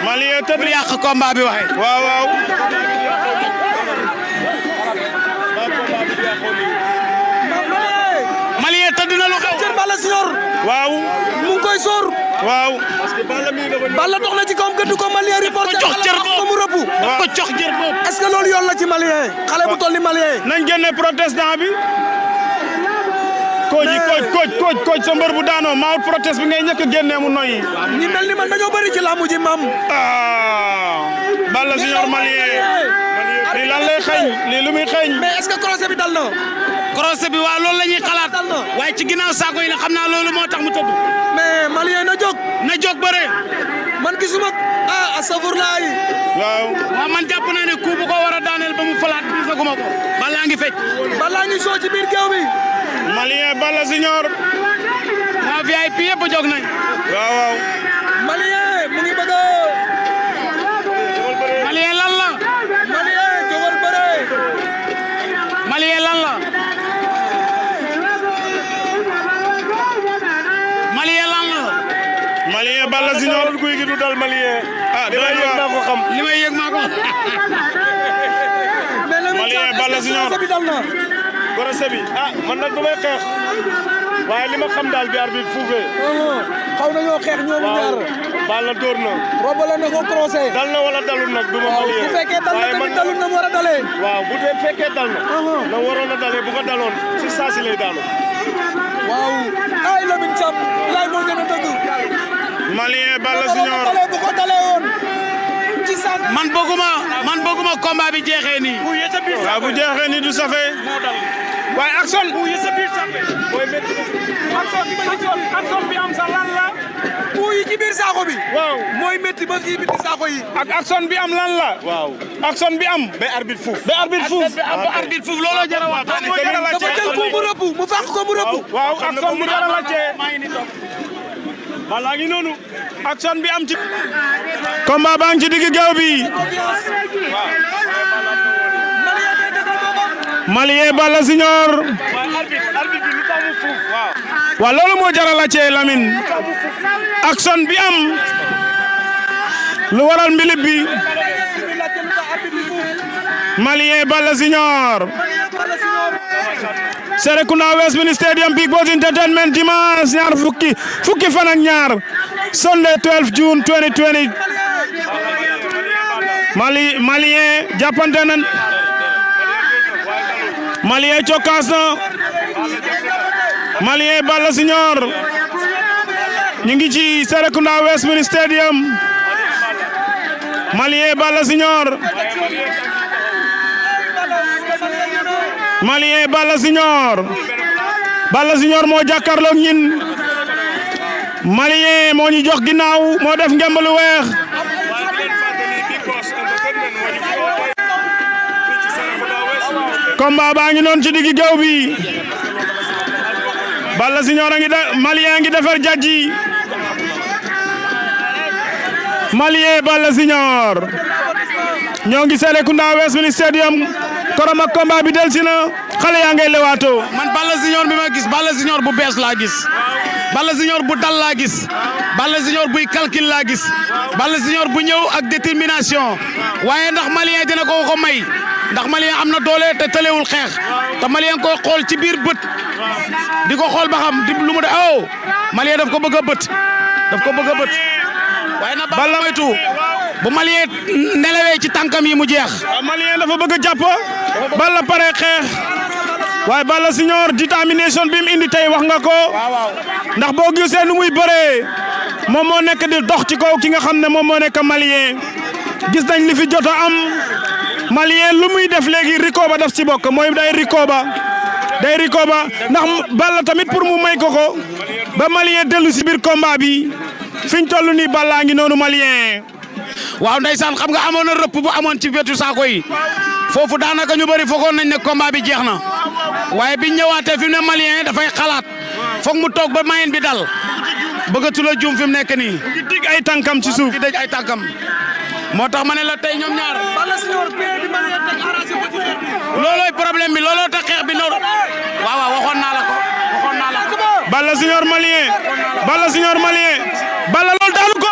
S1: Malien tëdd na yàq combat bi waxee. waaw waaw. waaw mu ngi koy sóor. waaw. Balla dox na ci kawam gëdd ko Malien reporter ko jox jër boobu ko mu rëbbu. ko jox jër boobu. est-ce que loolu yoon la ci Malien. xale bu toll ni Malien. nañ génne protestant bi. bu daanoo maa protest bi ngay ñëkk a génnee mu noyyi. ñi mel ni man dañoo bëri ci laamu ji maam. ah. Balla junior Malien.
S10: lan lay xeeñ lii lu muy xeeñ. mais est-ce que procès
S1: croisé bi waaw loolu la ñuy xalaat waaye ci ginnaaw saako yi nag xam naa loolu moo tax mu tëdd. mais Malien na jóg. na jóg bëre. man gisuma ah asafur a waaw. waaw man jàpp naa ne ku bu ko war a daaneel ba mu falaat gisaguma ko. balaa ngi fecc. balaa ngi biir géew bi. Malien Balla Junior. waa VIP yëpp jóg nañ. waaw waaw. Malien mu ngi bëgg
S2: tuutal malien. ah li may yëg maa ko xam
S1: limay may yëg maa ko.
S8: malien Balla Junior
S1: gora sabi ah man nag du xex waye lima xam dal bi arbi fuufee.
S2: xaw na nañoo xeex ñoom ñaar. Balla dóor na. robale na ko
S1: crossé dal na wala dalul
S2: nak duma ma malien. bu fekkee dal na tamit dalul na mo war dalé waaw bu dé fekkee dal na. na waroon a dalee bu ko dalon ci sasi lay dalu waaw ay Lamine Thiam lay mo
S1: gëna dëgg. Malien man bëgguma man bëgguma combat bi jeexee du safee. waaye bi am sa lan la. puy ci biir saako bi. mooy métti ba ci biir saako yi. ak bi am lan la. waaw bi am. ba arbitre fuuf. ba arbitre fuuf ba arbitre fuuf looloo jar a wax. dafa jël ko mu rëbb mu fàq ko mu rëbb. Balla ngi noonu action bi am ci combat baa ci digg géew bi Malien Balla Junior waaw loolu moo jaral la cee Lamine bi am lu waral mbilib bi Malien Balla Junior Serekunda Westmin Stadium Big Boss Entertainment dimanche ñaar fukki fukki fan ak ñaar Sunday 12 June 2020 Mali Malien jàppante nañ Malien Balla Signor ñu ngi ci Serekunda Westmin Stadium Malien Balla Signor malien Balla senior, Balla senior mo jakarlo ñin malien mo ñu jox ginaaw mo def ngembalu lu combat ba ngi non ci digi géew bi Balla Junior ngi malien ngi defar jajji malien Balla Junior ku ndaw West Stadium korom ak combat bi del si na xale yaa ngay man Balla Junior bi ma gis Balla Junior bu bees laa gis Balla Junior bu dal laa gis Balla Junior buy calcul laa gis Balla Junior bu ñëw ak détermination waaye ndax Malien dina ko ko may ndax Malien am na doole te tëlewul xeex te Malien koy xool ci biir bët di ko xool ba xam di lu mu de aw oh! Malien daf ko bëgg a bët daf ko bëgg a bët waaye na Balla moytu bu Malien nelawee ci tànkam yi mu jeex. waaw dafa bëgg a jàpp Balla pare xeex waaye Balla Junior détermination bi mu indi tey wax nga ko ndax boo gisee nu muy bëree moom moo nekk di dox ci kaw ki nga xam ne moom moo nekk Malien gis nañ li fi jot am Malien lu muy def léegi rikoba daf ci bokk mooy day rikoba day rikoba ndax Balla tamit pour mu may ko ko ba Malien dellu si biir combat bi fiñ toll nii Balla ngi noonu Malien. waaw ndaysan xam nga amoon repp bu amone ci wetu saako yi foofu daanaka ñu bari foogoon nañ ne combat bi jeexna waye bi ñewate fi ne malien fay xalat foog mu tok ba mayen bi dal la joom fi mu nekk nii. mu ngi dig ay tànkam ci suuf di dëj ay tànkam moo tax tak arrangé la ci ñoom ñaar. loolooy problème bi looloo tax xéx bi noonu wa wa waxon na la ko waxon na la ko. bala señor malien bala señor malien bala lol dalu ko.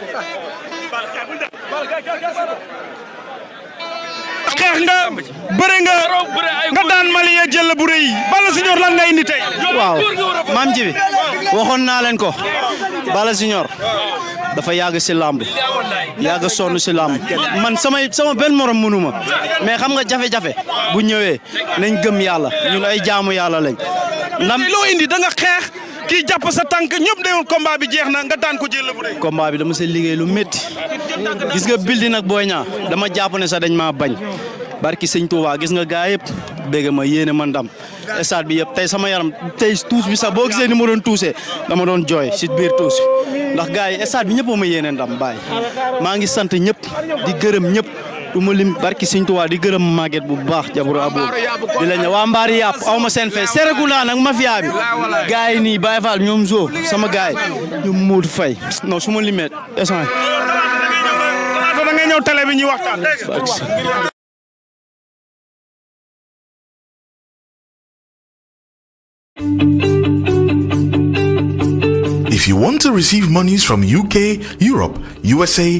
S1: xeex nga bëre nga nga daan
S12: Mali ya jël bu rëy
S2: Balla Junior lan nga
S12: indi tey. waaw maam ji bi waxoon naa ko Balla Junior dafa yàgg si làmb yàgg sonn si làmb man samay sama benn morom mënu ma mais xam nga jafe-jafe bu ñëwee nañ gëm yàlla ñun ay jaamu yàlla lañ. ndam loo indi da nga xeex. kii jàpp sa tànk ñëpp dañoon combat bi jeex na nga daan ko jël bu rëy. combat dama see liggéey lu métti gis nga Buldy nag Boy Niang dama jàpp ne sa dañ maa bañ barki sëñ Touba gis nga gaa yëpp dégg ma yéene ma ndam stade bi yëpp tey sama yaram tey tuus bi sax boo gisee ni ma doon tuusee dama doon jooy si biir tuus ndax gaa yi stade bi ñëpp ma yéene ndam baay maa ngi sant ñëpp di gërëm ñëpp. barki di bu baax di la awma mafia bi gaay sama gaay Fay non
S1: da nga
S8: ñëw télé bi
S14: If you want to receive monies from UK, Europe, USA,